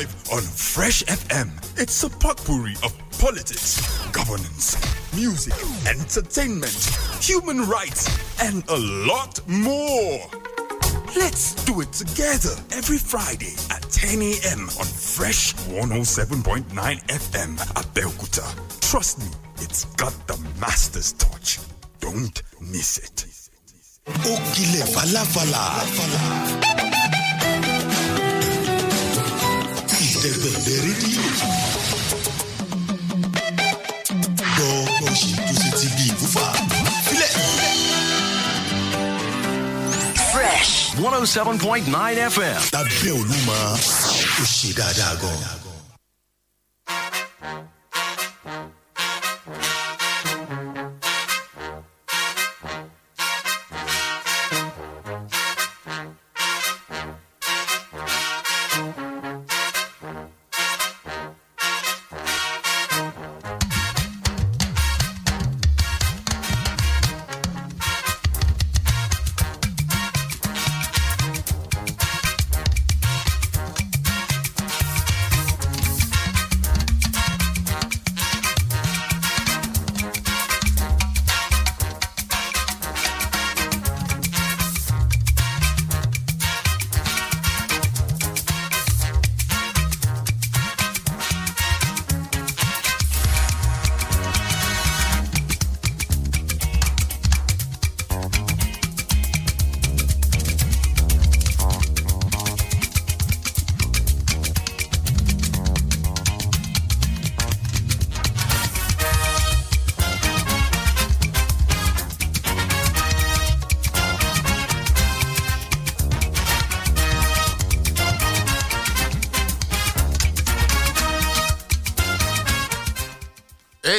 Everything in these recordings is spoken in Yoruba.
live on Fresh FM. It's a potpourri of politics, governance, music, entertainment, human rights, and a lot more. Let's do it together every Friday at 10 a.m. on Fresh 107.9 FM at Belkuta. Trust me, it's got the master's touch. Don't miss it. Okile falafala. Daga da rediyo. Gbọ́gbọ́n ṣe tó ṣe ti bí ìwúfà. Filẹ̀. Fresh one oh seven point nine FM. Lábẹ́ Olúmọ, ó ṣe dáadáa gan-an.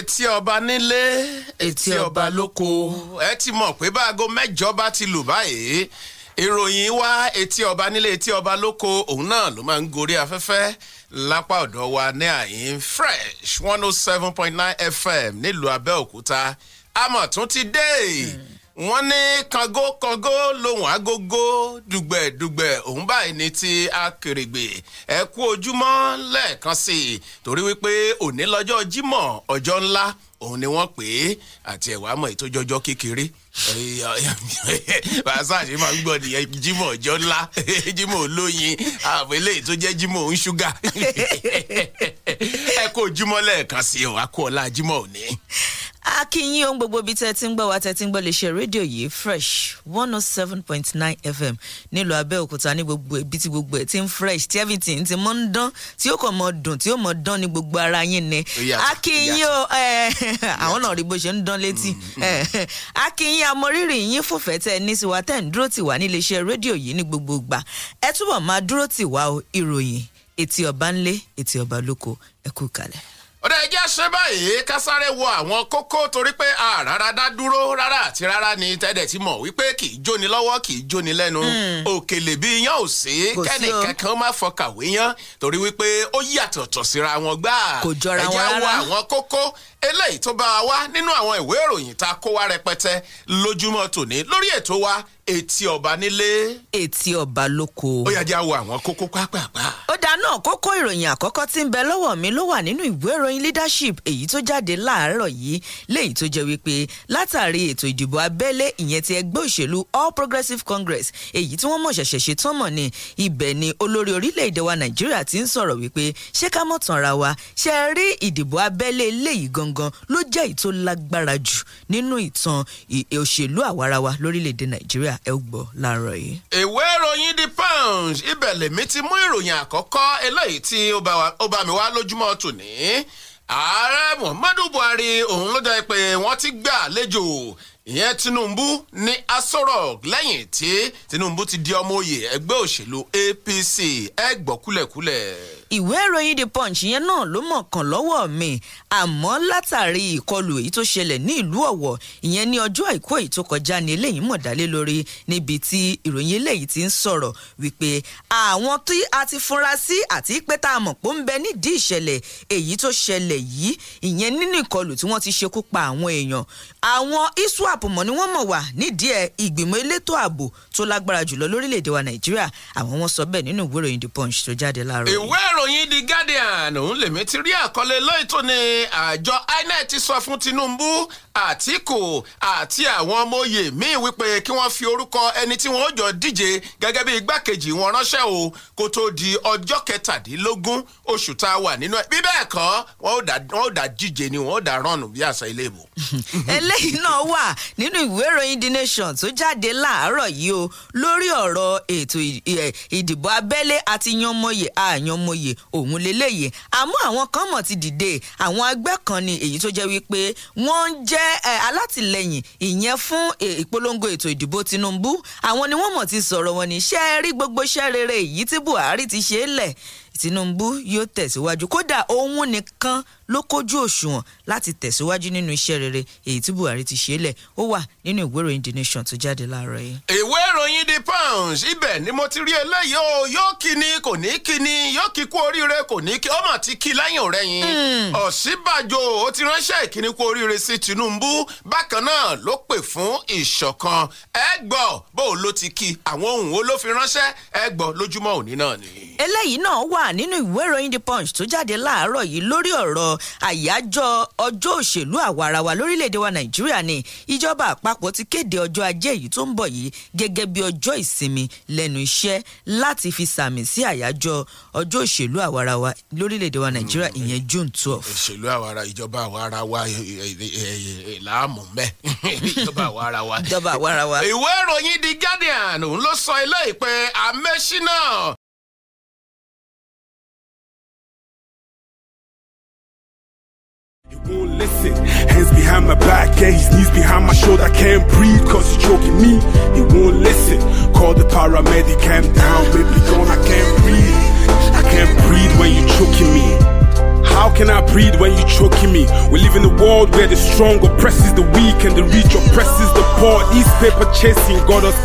etí ọba nílé etí ọba lóko ẹ ti mọ̀ pé báago mẹ́jọ bá ti lù báyìí ìròyìn wá etí ọba nílé etí ọba lóko òun náà ló máa ń gorí afẹ́fẹ́ lápá ọ̀dọ̀ wa ní àyín fresh one oh seven point nine fm nílùú abẹ́òkúta àmọ̀ tún ti dé. Mm wọ́n ní kago lòun agogo dùgbẹ̀dùgbẹ̀ òun báyìí ní ti akèrègbè ẹ kú ojúmọ́ lẹ́ẹ̀kan sí i torí wípé òní lọ́jọ́ jímọ̀ ọjọ́ ńlá òun ni wọ́n pè é àti ẹ̀wà mọ̀ ètò kékeré bàṣà ṣe máa ń gbọ́ nìyẹn jimoh ọjọ́ ńlá jimoh olóyin àwọn tó jẹ́ jimoh ń ṣúgà ẹ kó jimoh lẹ́ẹ̀kan sí ọ akóọlá jimoh òní. a ohun gbogbo bíi tẹ́tí ń gbọ́ lè ṣe rédíò yìí fresh one oh seven point nine fm nílùú abẹ́òkúta ní gbogbo ibi tí gbogbo ẹ̀ ti ń fresh tí everything ti mọ́ ń dán tí ó kàn mọ́ dùn tí ó mọ́ dán ní gbogbo ara yín ni a kí eh, àwọn náà rí bó ṣe ń dán létí mm, mm. Eh, a ní a mọ rírì yín fòfẹ́ tẹ́ ẹ ní tiwa tẹ́ ẹ̀ ń dúró tiwa ní iléeṣẹ́ rédíò yìí ní gbogbo ìgbà ẹ túbọ̀ máa dúró tiwa o ìròyìn etí ọba ńlé etí ọba lóko ẹ kú kalẹ̀. ọ̀dà ẹ jẹ́ báyìí ká sáré àwọn kókó torí pé a rárá dá dúró rárá àti rárá ni tẹ́dẹ̀ ti mọ̀ wípé kì í jóni lọ́wọ́ kì í jóni lẹ́nu hmm. òkèlè bí iyán ò sí kẹ́ni kankan má fọkàwé yán torí wípé ó yàtọ̀tọ̀ síra wọn gbáà kò jọra àwọn kókó eléyìí tó bá wa wá nínú àwọn ìwé ìròyìn tá a kó wá rẹpẹtẹ lójúmọ́ tòní lórí ètò wa etí ọba nílé. etí ọba lóko. ó yá jẹ́ àwọ àwọn kókó pápápá. ó dá náà kókó ìròyìn àkọ́kọ́ tí ń bẹ lọ́wọ́ mi ló wà nínú ìwé ìròyìn leadership èyí tó jáde láàárọ̀ yìí léyìí tó jẹ́ wípé látàrí ètò ìdìbò abẹ́lé ìyẹn ti ẹgbẹ́ òṣèlú all progressives congress èyí tí wọ́n mọ̀ ṣẹ̀ṣẹ̀ ṣe tán mọ̀ ni ibẹ̀ ni olórí orílẹ̀-èdè wa nàìjíríà ti ń sọ̀rọ̀ wípé ṣé ká mọ̀ tàn ra wa ṣe rí ìdìbò abẹ́lé eléyìí gan gangan ló jẹ́ èyí tó lágbára jù nínú ìtàn òṣèlú àwarawa lórílẹ̀‐èdè nàìjíríà ẹ gbọ́ láàárọ̀ yìí. ìwé ìròyìn the punch ibẹ̀ lèmi ti mú ìròyìn àkọ́kọ́ eléyìí tí ó bá mi wá lójúmọ́ tòní ààrẹ muhammadu buhari òun ló jẹ́ pé wọ́n ti gbà àlejò ìyẹn tinubu ní aso lẹ́yìn tí tinubu ti di ọmọ òye ẹgbẹ́ òṣèlú apc ẹ gbọ́ kúlẹ̀kúlẹ̀ ìwé ìròyìn the punch yẹn náà ló mọ̀ kàn lọ́wọ́ mi àmọ́ látàrí ìkọlù èyí tó ṣẹlẹ̀ ní ìlú ọ̀wọ̀ ìyẹn ní ọjọ́ àìkú èyí tó kọjá ní eléyìí mọ̀ dálé lórí níbi tí ìròyìn eléyìí ti ń sọ̀rọ̀ wípé àwọn tí a ti fura sí àti pé tá a mọ̀ pé ó ń bẹ nídìí ìṣẹ̀lẹ̀ èyí tó ṣẹlẹ̀ yìí ìyẹn nínú ìkọlù tí wọ́n ti ṣekú pa àwọn èèyàn àwọn iswap mọ̀ ni wọ́n mọ̀ wà nídìí ẹ̀ ìgbìmọ̀ elétò ààbò tó lágbára jùlọ lórílẹ̀‐èdè wa nàìjíríà àwọn wọn sọ bẹ́ẹ̀ nínú ìwé ìròyìn the punch tó jáde láàárọ̀. ìwé ìrò ìròyìn The Guardian òun lèmi ti rí àkọlé lóòótọ́ ni àjọ INEC ti sọ fún Tinubu Àtíkù àti àwọn ọmọ oyè míì wípé kí wọ́n fi orúkọ ẹni tí wọ́n jọ díje gẹ́gẹ́ bí igbákejì wọn ránṣẹ́ o kó tó di ọjọ́ kẹtàdínlógún oṣù tá a wà nínú ẹ̀ bí bẹ́ẹ̀ kọ́ wọ́n ò dá díje ni wọ́n ò dá rọ́ọ̀nù bí àṣà ilé ìbò. eléyìí náà wà nínú ìwé ìròyìn The Nation tó jáde láàárọ̀ yìí o lórí ọ̀rọ̀ ètò ìdìbò abẹ́lé àti yanmọye àyanmọye pàtàkì òun leléyìí àmọ́ àwọn kan mọ̀ ti dìde àwọn ẹgbẹ́ kan ni èyí tó jẹ́ wípé wọ́n ń jẹ́ alátìlẹyìn ìyẹn fún ìpolongo ètò ìdìbò Tinubu àwọn ni wọ́n mọ̀ ti sọ̀rọ̀ wọn ní ṣẹ́ẹ́rí gbogbo iṣẹ́ rere èyí tí Buhari ti ṣe é lẹ̀ Tinubu yóò tẹ̀síwájú kódà òun nìkan ló kójú òṣùwọ̀n láti tẹ̀síwájú nínú iṣẹ́ rere èyí tí Buhari ti ṣe lẹ̀ ó wà nínú ìwé ìròyìn The Nation tó jáde láàárọ̀ yìí. ìwé ìròyìn The Punch ibẹ̀ ni mo ti rí eléyìí o yóò kí ni kò ní kí ni yóò kí kú oríire kò ní kí ó ti kí lẹ́yìn ọ̀rẹ́yìn hmm. Ọ̀ṣínbàjò ó ti ránṣẹ́ ìkíni kú oríire sí Tinubu bákan náà ló pè fún ìṣọ̀kan ẹ gbọ́ bó ló ti kí àwọn ohun wo ló fi ránṣẹ́ ẹ gbọ́ lójúmọ́ òní náà ni. eléyìí náà wà wà nínú ìwé ìròyìn The Punch tó jáde láàárọ̀ yìí lórí ọ̀rọ̀ àyájọ́ ọjọ́ òṣèlú àwarawa lórílẹ̀‐èdè wa Nàìjíríà ni ìjọba àpapọ̀ ti kéde ọjọ́ ajé èyí tó ń bọ̀ yìí gẹ́gẹ́ bí ọjọ́ ìsinmi lẹ́nu iṣẹ́ láti fi sàmì sí àyájọ́ ọjọ́ òṣèlú àwarawa lórílẹ̀‐èdè wa Nàìjíríà hmm. ìyẹn June twelve. òṣèlú àwara ìjọba àwarawa làámù mẹ́ ìjọba ìjọba àwarawa. ìwé ìròyìn listen, hands behind my back, yeah, his knees behind my shoulder. I can't breathe, cause he's choking me. He won't listen. Call the paramedic, calm down, baby, gone. I can't breathe. I can't breathe when you're choking me. How can I breathe when you're choking me? We live in a world where the strong oppresses the weak and the rich oppresses the poor. East paper chasing got us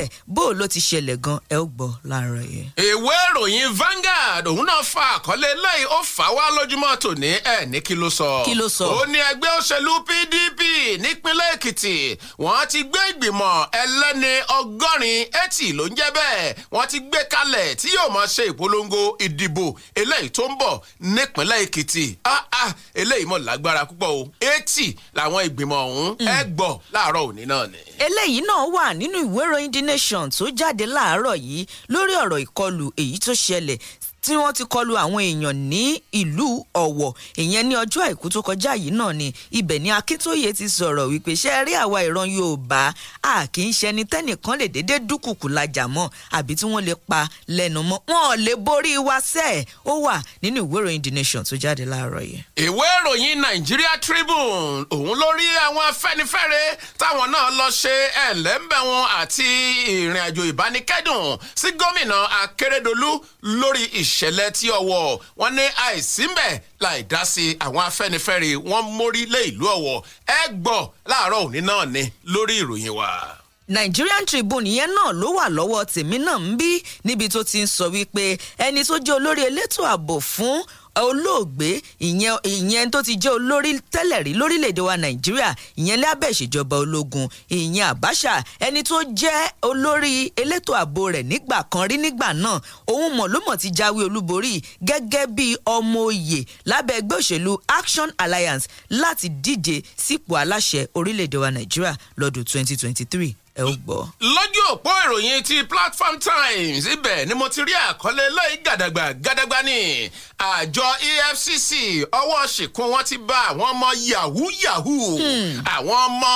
níbẹ̀ bó ló ti ṣẹlẹ̀ gan ẹ ó gbọ́ láàárọ̀ yẹn. ìwé ìròyìn Vanguard òun náà fa àkọlé lẹ́yìn ó fà wá lójúmọ́ tòní ẹ̀ ní kí ló sọ. kí ló sọ. ó ní ẹgbẹ́ òṣèlú PDP nípínlẹ̀ Èkìtì wọ́n ti gbé ìgbìmọ̀ ẹlẹ́ni ọgọ́rin ẹtì ló ń jẹ́ bẹ́ẹ̀ wọ́n ti gbé kalẹ̀ tí yóò máa ṣe ìpolongo ìdìbò eléyìí tó ń bọ̀ nípínlẹ̀ Èkìtì ah, ah, eléyìí mọ̀ lágbára púpọ̀ o ẹtì làwọn ìgbìmọ̀ ọ̀hún ẹ mm. gbọ́ láàárọ̀ òní náà ni. eléyìí náà wà nínú ìwé ìròyìn nation tó jáde láàárọ̀ yìí lórí ọ̀rọ̀ ìkọlù èyí tó ṣẹlẹ̀ tí wọ́n ti kọlu àwọn èèyàn ní ìlú ọ̀wọ̀ ìyẹn ní ọjọ́ àìkú tó kọjá yìí náà ni ibẹ̀ ni akíntóye ti sọ̀rọ̀ wípé ṣé rí àwa ìran yorùbá a kì í ṣẹni tẹ́nìkan lè dédé dúkùkù lajà mọ́ àbí tí wọ́n lè pa lẹ́nu mọ́ wọn ò lè borí wa sẹ́ẹ̀ ó wà nínú ìwé ìròyìn the nation tó jáde láàárọ̀ yìí. ìwé ìròyìn nigeria tribune òun ló rí àwọn afẹ́nifẹ́re táwọn náà lọ ṣe ẹlẹ́ńbẹ̀ wọn àti ìrìn àjò sí gómìnà akérèdọ́lù lórí ìṣ ìṣẹ̀lẹ̀ tí ọ̀wọ̀ wọ́n ní àìsínbẹ̀ láì dá sí àwọn afẹ́nifẹ́re wọ́n mórí lé ìlú ọ̀wọ̀ ẹ gbọ́ láàárọ̀ òní náà ni lórí ìròyìn wa. Nigerian Tribune yẹn náà ló wà lọ́wọ́ tèmi náà ń bí níbi tó ti ń sọ wípé ẹni tó jẹ́ olórí elétò ààbò fún olóògbé ìyẹn ìyẹn tó ti jẹ́ olórí tẹ́lẹ̀ rí lórílẹ̀‐èdè wa nàìjíríà ìyẹn lábẹ́ ìṣèjọba ológun ìyẹn àbáṣà ẹni tó jẹ́ olórí elétò ààbò rẹ̀ nígbà kan rí nígbà náà òun mọ̀ ló mọ̀ ti jáwé olúborí gẹ́gẹ́ bí ọmọ òye lábẹ́ ẹgbẹ́ òṣèlú action alliance láti díje sípò aláṣẹ orílẹ̀‐èdè wa nàìjíríà lọ́dún 2023 ẹ ó gbọ́. lójú òpó ìròyìn ti platform times ibẹ̀ ni mo ti rí àkọlé lóyè gàdàgbà gàdàgbà ni àjọ efcc ọwọ́ ṣìkún wọn ti bá àwọn ọmọ yahoo yahoo hmm. àwọn ọmọ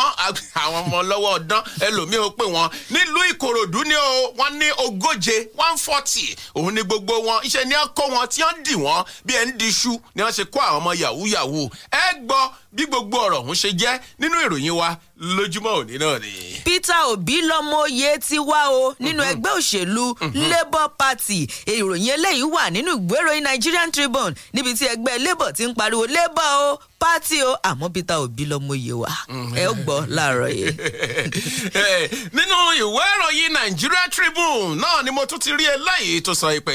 àwọn ọmọ lọ́wọ́ ọdán ẹlòmíì ó pè wọ́n nílùú ìkòròdú ni o wọ́n ní ogóje one forty òun ni gbogbo wọn iṣẹ́ ni wọ́n kó wọn tí wọ́n dì wọ́n bí ẹ̀ di iṣu ni wọ́n ṣe kó àwọn ọmọ yahoo yahoo ẹ gbọ́ bí gbogbo ọ̀rọ̀ ọ̀hún ṣe jẹ́ nínú ìròyìn wa lójúmọ́ òní náà ni. Peter Obi lọmọ oyè ti wá o nínú mhm. ẹgbẹ́ òṣèlú mhm. Labour Party ìròyìn eléyìí wà nínú ìgbéròyìn Nigerian Tribune níbi tí ẹgbẹ́ Labour ti ń pariwo Labour o pátì o àmọ́ ta obi lọ́mọ yìí wá mm. ẹ ó gbọ́ láàárọ̀ yìí. nínú ìwé ìròyìn Nigeria Tribune náà ni mo tún ti rí eléyìí tó sọ pé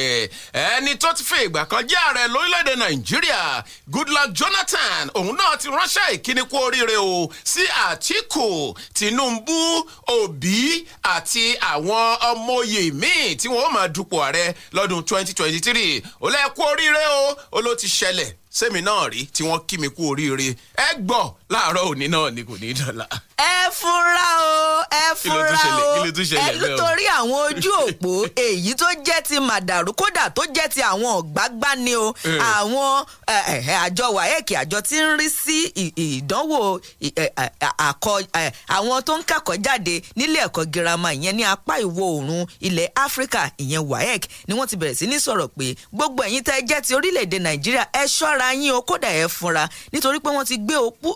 ẹni tó ti fi ìgbà kan jẹ́ ààrẹ lórílẹ̀‐èdè Goodluck Jonathan òun náà ti ránṣẹ́ ìkíni kú oríire o sí Àtíkù Tinubu Obi àti àwọn ọmọoyè míì tí wọn ó máa dupò ààrẹ lọ́dún 2023 ó lẹ́ẹ̀kú oríire o ó ló ti ṣẹlẹ̀ sẹ́mi náà rí tí wọ́n kí mi kú oríire ẹ gbọ́ láàárọ̀ òní náà ni kò ní í dọ̀la. ẹ fúnra o ẹ fúnra o ẹ nítorí àwọn ojú òpó èyí tó jẹ́ ti màdàrú kódà tó jẹ́ ti àwọn ọ̀gbágbá ni o àwọn àjọ wáyẹ̀kì àjọ tí ń rí sí ìdánwò àwọn tó ń kẹ́kọ̀ọ́ jáde nílé ẹ̀kọ́ girama ìyẹn ní apá ìwọ̀ oòrùn ilẹ̀ áfíríkà ìyẹn wáyẹ̀k ni wọ́n ti bẹ̀rẹ̀ sí ní sọ̀rọ̀ pé gbogbo ẹ̀yin tẹ́ jẹ́ ti orílẹ̀-èdè nàìjíríà ẹ ṣọ́ra yín o kódà ẹ fúnra nítorí pé wọ́n ti gbé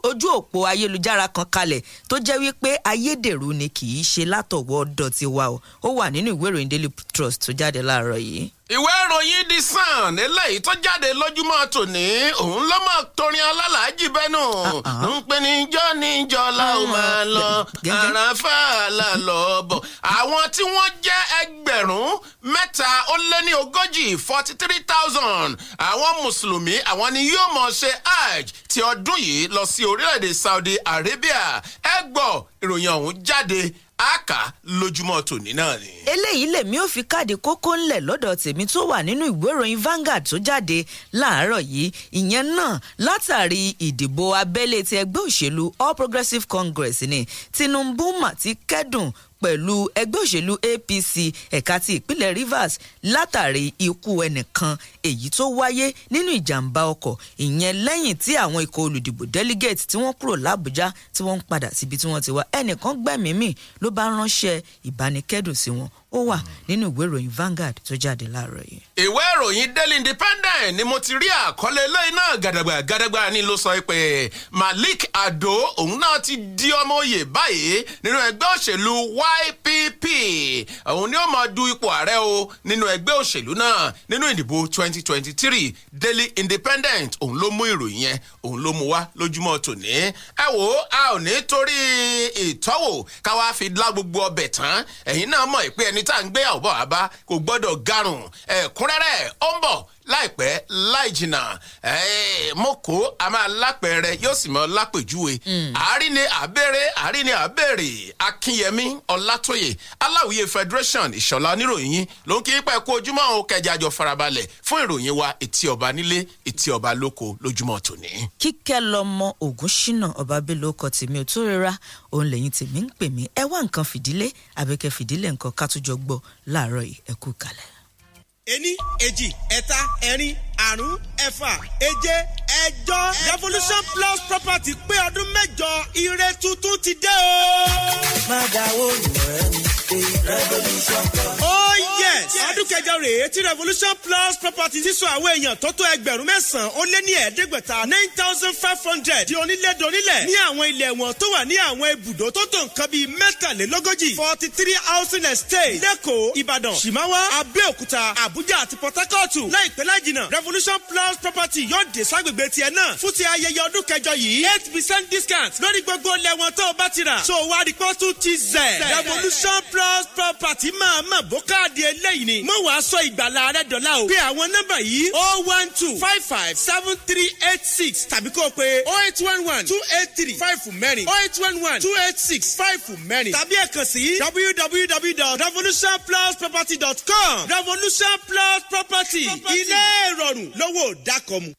ojú ojú òpó ayélujára kan kalẹ̀ tó jẹ́ wípé ayédèrú ni kì í ṣe látọ̀wọ́ ọ̀dọ̀ tiwa ó wà nínú ìwé ìròyìn Daily Trust tó jáde láàárọ̀ yìí ìwé ìròyìn The Sun eléyìí tó jáde lójúmọ́ tòní òun ló mọ̀ torin alálàájì bẹ́nu uh-uh. ń pè ní jọ́níjọ́ la ó uh-huh. máa lọ àràfà la lọ bọ̀ àwọn tí wọ́n jẹ́ ẹgbẹ̀rún mẹ́ta ó lé ní ogójì forty three thousand àwọn mùsùlùmí àwọn ni yóò mọ̀ ṣe hajj ti ọdún yìí lọ sí orílẹ̀-èdè Saudi Arabia ẹ gbọ́ ìròyìn ọ̀hún jáde á kà á lójúmọ́ tòní náà ni. eléyìí lèmi ò fi káàdì kókó ńlẹ̀ lọ́dọ̀ tèmi tó wà nínú ìwé ìròyìn Vanguard tó jáde láàárọ̀ yìí ìyẹn náà látàrí ìdìbò abẹ́lé ti ẹgbẹ́ òṣèlú All Progressives Congress ni Tinubu mà ti kẹ́dùn pẹ̀lú ẹgbẹ́ òṣèlú APC ẹ̀ka ti ìpínlẹ̀ Rivers látàrí ikú ẹnìkan èyí tó wáyé nínú ìjàmbá ọkọ̀ ìyẹn lẹ́yìn tí àwọn ikọ̀ olùdìbò delegate tí wọ́n kúrò l'Àbújá tí wọ́n ń padà síbi tí wọ́n ti wá ẹnìkan gbẹ̀mí mì ló bá ránṣẹ́ ìbánikẹ́dùn sí wọn ó wà nínú ìwé ìròyìn Vanguard tó jáde láàárọ̀ yìí. ìwé ìròyìn Daily Independent ni mo ti rí àkọlé eléyìí náà gàdàgbà gàdàgbà ni ló sọ pé Malik Ado òun náà ti di ọmọ oyè báyìí nínú ẹgbẹ́ òṣèlú YPP òun ni ó máa du ipò ààrẹ o nínú ẹgbẹ́ òṣèlú náà nínú ìdìbò 2023 Daily Independent òun ló mú ìròyìn yẹn òun ló mú wá lójúmọ́ tòní ẹ wò ó a ò ní torí ìtọ́wò káwá fi lá gbogbo ọbẹ̀ tán ẹ̀yin náà mọ̀ pé ẹni tá à ń gbé àwòbọ̀ wá kò gbọ́dọ̀ garùn ẹ̀kúnrẹ́rẹ́ ó ń bọ̀ láìpẹ́ láì jìnnà eh, mọ́kò a máa lápẹ̀rẹ̀ yóò sì mọ́ lápèjúwe hmm. àárín ni àbẹ̀rẹ̀ àárín ni àbẹ̀rẹ̀ akínyẹmí ọlátóyè aláwìyé federation ìṣọ̀lá oníròyìn ló ń kí pẹ́ kó ojúmọ́ àwọn kẹjà farabalẹ̀ fún ìròyìn wa etí ọba nílé etí ọba lóko lójúmọ́ tòní. kíkẹ́ lọmọ ògún ṣínà ọba bélò ọkọ tèmi ò tó rira òun lẹ́yìn tèmi ń pè mí ẹ nǹkan fìdílé àbẹ̀kẹ́ fìdílé nǹkan ká tó gbọ́ láàárọ̀ yìí ẹ kalẹ̀ ení èjì ẹ̀ta ẹ̀rin àrún ẹ̀fà èje ẹ̀jọ revolution plus property pé ọdún mẹ́jọ ire tuntun ti dé o. má dáwọ́ ìwọ̀n ẹni pé revolution plus. ó oh, yes. ọdún kẹjọ rèé tí revolution plus property ti sọ àwọn èèyàn tó tó ẹgbẹ̀rún mẹ́sàn-án ó lé ní ẹ̀ẹ́dẹ́gbẹ̀ta nine thousand five hundred di onílẹ̀dọ̀nílẹ̀ ní àwọn ilẹ̀ wọn tó wà ní àwọn ibùdó tó tó nǹkan bíi mẹ́tàlélógójì forty three housing estate lẹ́kọ̀ọ́ ìbàdàn ṣìmáwá abẹ́òkúta àbújá. Abuja àti Port Harcourt láìpẹ́ lájìnà Revolution Plus Property yóò dé ságbègbè tiẹ̀ náà fún ti ayẹyẹ ọdún kẹjọ yìí eight percent discount lórí gbogbo lẹ́wọ̀n tó o bá ti rà so wa rìpọ́tù ti zẹ̀ Revolution Plus Property máa mọ̀ bó káàdì eléyìí ni mo wàá sọ ìgbàlá rẹ dọ̀la o pé àwọn nọ́mbà yìí oh one two five five seven three eight six tàbí kó o oh eight one one two eight three five fún mẹ́rin oh eight one one two eight six five fún mẹ́rin tàbí ẹ̀kan sí www.revolutionplusproperty.com revolution plus property ilé ìrọ̀rùn lówó dákọ̀mu.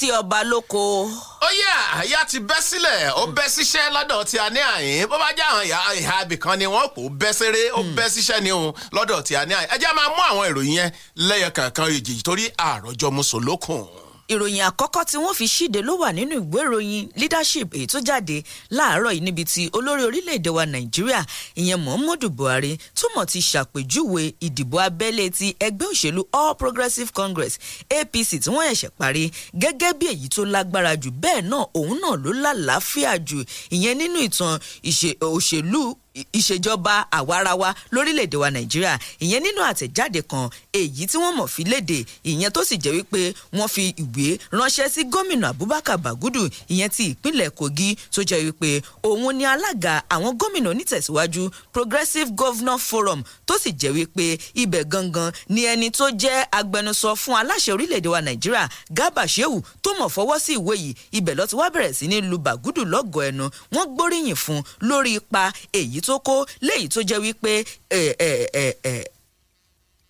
sí ọba lóko. ó yẹ àyà ti bẹ́ sílẹ̀ ó bẹ́ síṣẹ́ lọ́dọ̀ tí a ní àyín bó bá jẹ́ àwọn ìhà ibìkan ni wọ́n kò bẹ́ ṣeré ó hmm. bẹ́ síṣẹ́ ni òun lọ́dọ̀ tí a ní àyín ẹ jẹ́ máa mú àwọn ìròyìn yẹn lẹ́yọ kankan ìjì torí àròjọ mùsùlùkùn ìròyìn àkọ́kọ́ tí wọ́n fi ṣíde ló wà nínú ìwé ìròyìn leadership èyí tó jáde láàárọ̀ yìí níbi tí olórí orílẹ̀-èdè wa nàìjíríà ìyẹn muhammadu buhari túmọ̀ ti ṣàpèjúwe ìdìbò abẹ́lé ti ẹgbẹ́ òṣèlú all progressives congress apc tí wọ́n ẹ̀ṣẹ̀ parí gẹ́gẹ́ bí èyí tó lágbára jù bẹ́ẹ̀ náà òun náà ló lálàáfíà jù ìyẹn nínú ìtàn òṣèlú ìṣèjọba àwarawa lórílẹ̀‐èdè wa nàìjíríà ìyẹn nínú àtẹ̀jáde kan èyí tí wọ́n mọ̀ fi léde ìyẹn tó sì jẹ́ wípé wọ́n fi ìwé ránṣẹ́ sí gómìnà abubakar bagudu ìyẹn ti ìpínlẹ̀ kogi tó jẹ́ wípé òun ni alága àwọn gómìnà onítẹ̀síwájú progressive governor forum tó sì jẹ́ wípé ibẹ̀ gangan ni ẹni tó jẹ́ agbẹnusọ fún aláṣẹ orílẹ̀‐èdè wa nàìjíríà garba shehu tó mọ̀ fọwọ́ sí ìwé yìí ibẹ̀ ló ti wá bẹ̀rẹ̀ sí ní lu bagudu lọ́gọ̀ọ́ tó kó léyìí tó jẹ́ wípé